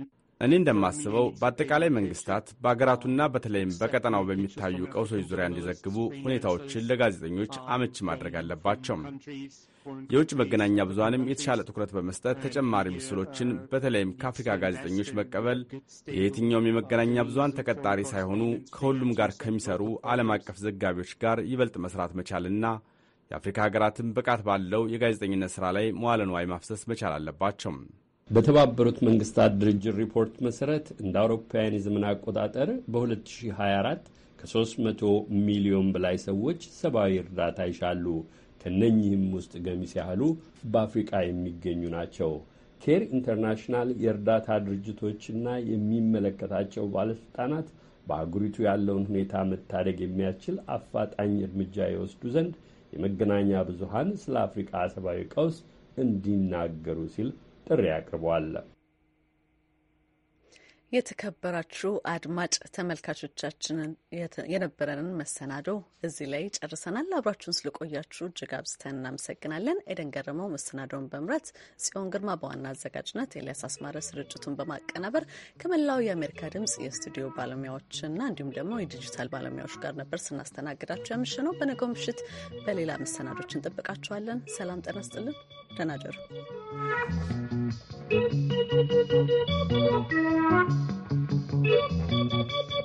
እኔ እንደማስበው በአጠቃላይ መንግስታት በሀገራቱና በተለይም በቀጠናው በሚታዩ ቀውሶች ዙሪያ እንዲዘግቡ ሁኔታዎችን ለጋዜጠኞች አመች ማድረግ አለባቸው። የውጭ መገናኛ ብዙሃንም የተሻለ ትኩረት በመስጠት ተጨማሪ ምስሎችን በተለይም ከአፍሪካ ጋዜጠኞች መቀበል የየትኛውም የመገናኛ ብዙሃን ተቀጣሪ ሳይሆኑ ከሁሉም ጋር ከሚሰሩ ዓለም አቀፍ ዘጋቢዎች ጋር ይበልጥ መስራት መቻልና የአፍሪካ ሀገራትን ብቃት ባለው የጋዜጠኝነት ስራ ላይ መዋለ ንዋይ ማፍሰስ መቻል አለባቸው። በተባበሩት መንግስታት ድርጅት ሪፖርት መሰረት እንደ አውሮፓውያን የዘመን አቆጣጠር በ2024 ከ300 ሚሊዮን በላይ ሰዎች ሰብአዊ እርዳታ ይሻሉ። ከነኚህም ውስጥ ገሚስ ያህሉ በአፍሪቃ የሚገኙ ናቸው። ኬር ኢንተርናሽናል የእርዳታ ድርጅቶችና የሚመለከታቸው ባለስልጣናት በአህጉሪቱ ያለውን ሁኔታ መታደግ የሚያስችል አፋጣኝ እርምጃ የወስዱ ዘንድ የመገናኛ ብዙሃን ስለ አፍሪቃ ሰብአዊ ቀውስ እንዲናገሩ ሲል ጥሪ አቅርበዋል። የተከበራችሁ አድማጭ ተመልካቾቻችንን የነበረንን መሰናዶ እዚህ ላይ ጨርሰናል። አብራችሁን ስለቆያችሁ እጅግ አብዝተን እናመሰግናለን። ኤደን ገረመው መሰናዶውን በምረት፣ ጽዮን ግርማ በዋና አዘጋጅነት፣ ኤልያስ አስማረ ስርጭቱን በማቀናበር ከመላው የአሜሪካ ድምጽ የስቱዲዮ ባለሙያዎችና እንዲሁም ደግሞ የዲጂታል ባለሙያዎች ጋር ነበር ስናስተናግዳችሁ ያምሽ ነው። በነገው ምሽት በሌላ መሰናዶች እንጠብቃችኋለን። ሰላም ጠነስጥልን ደናደሩ Thank you.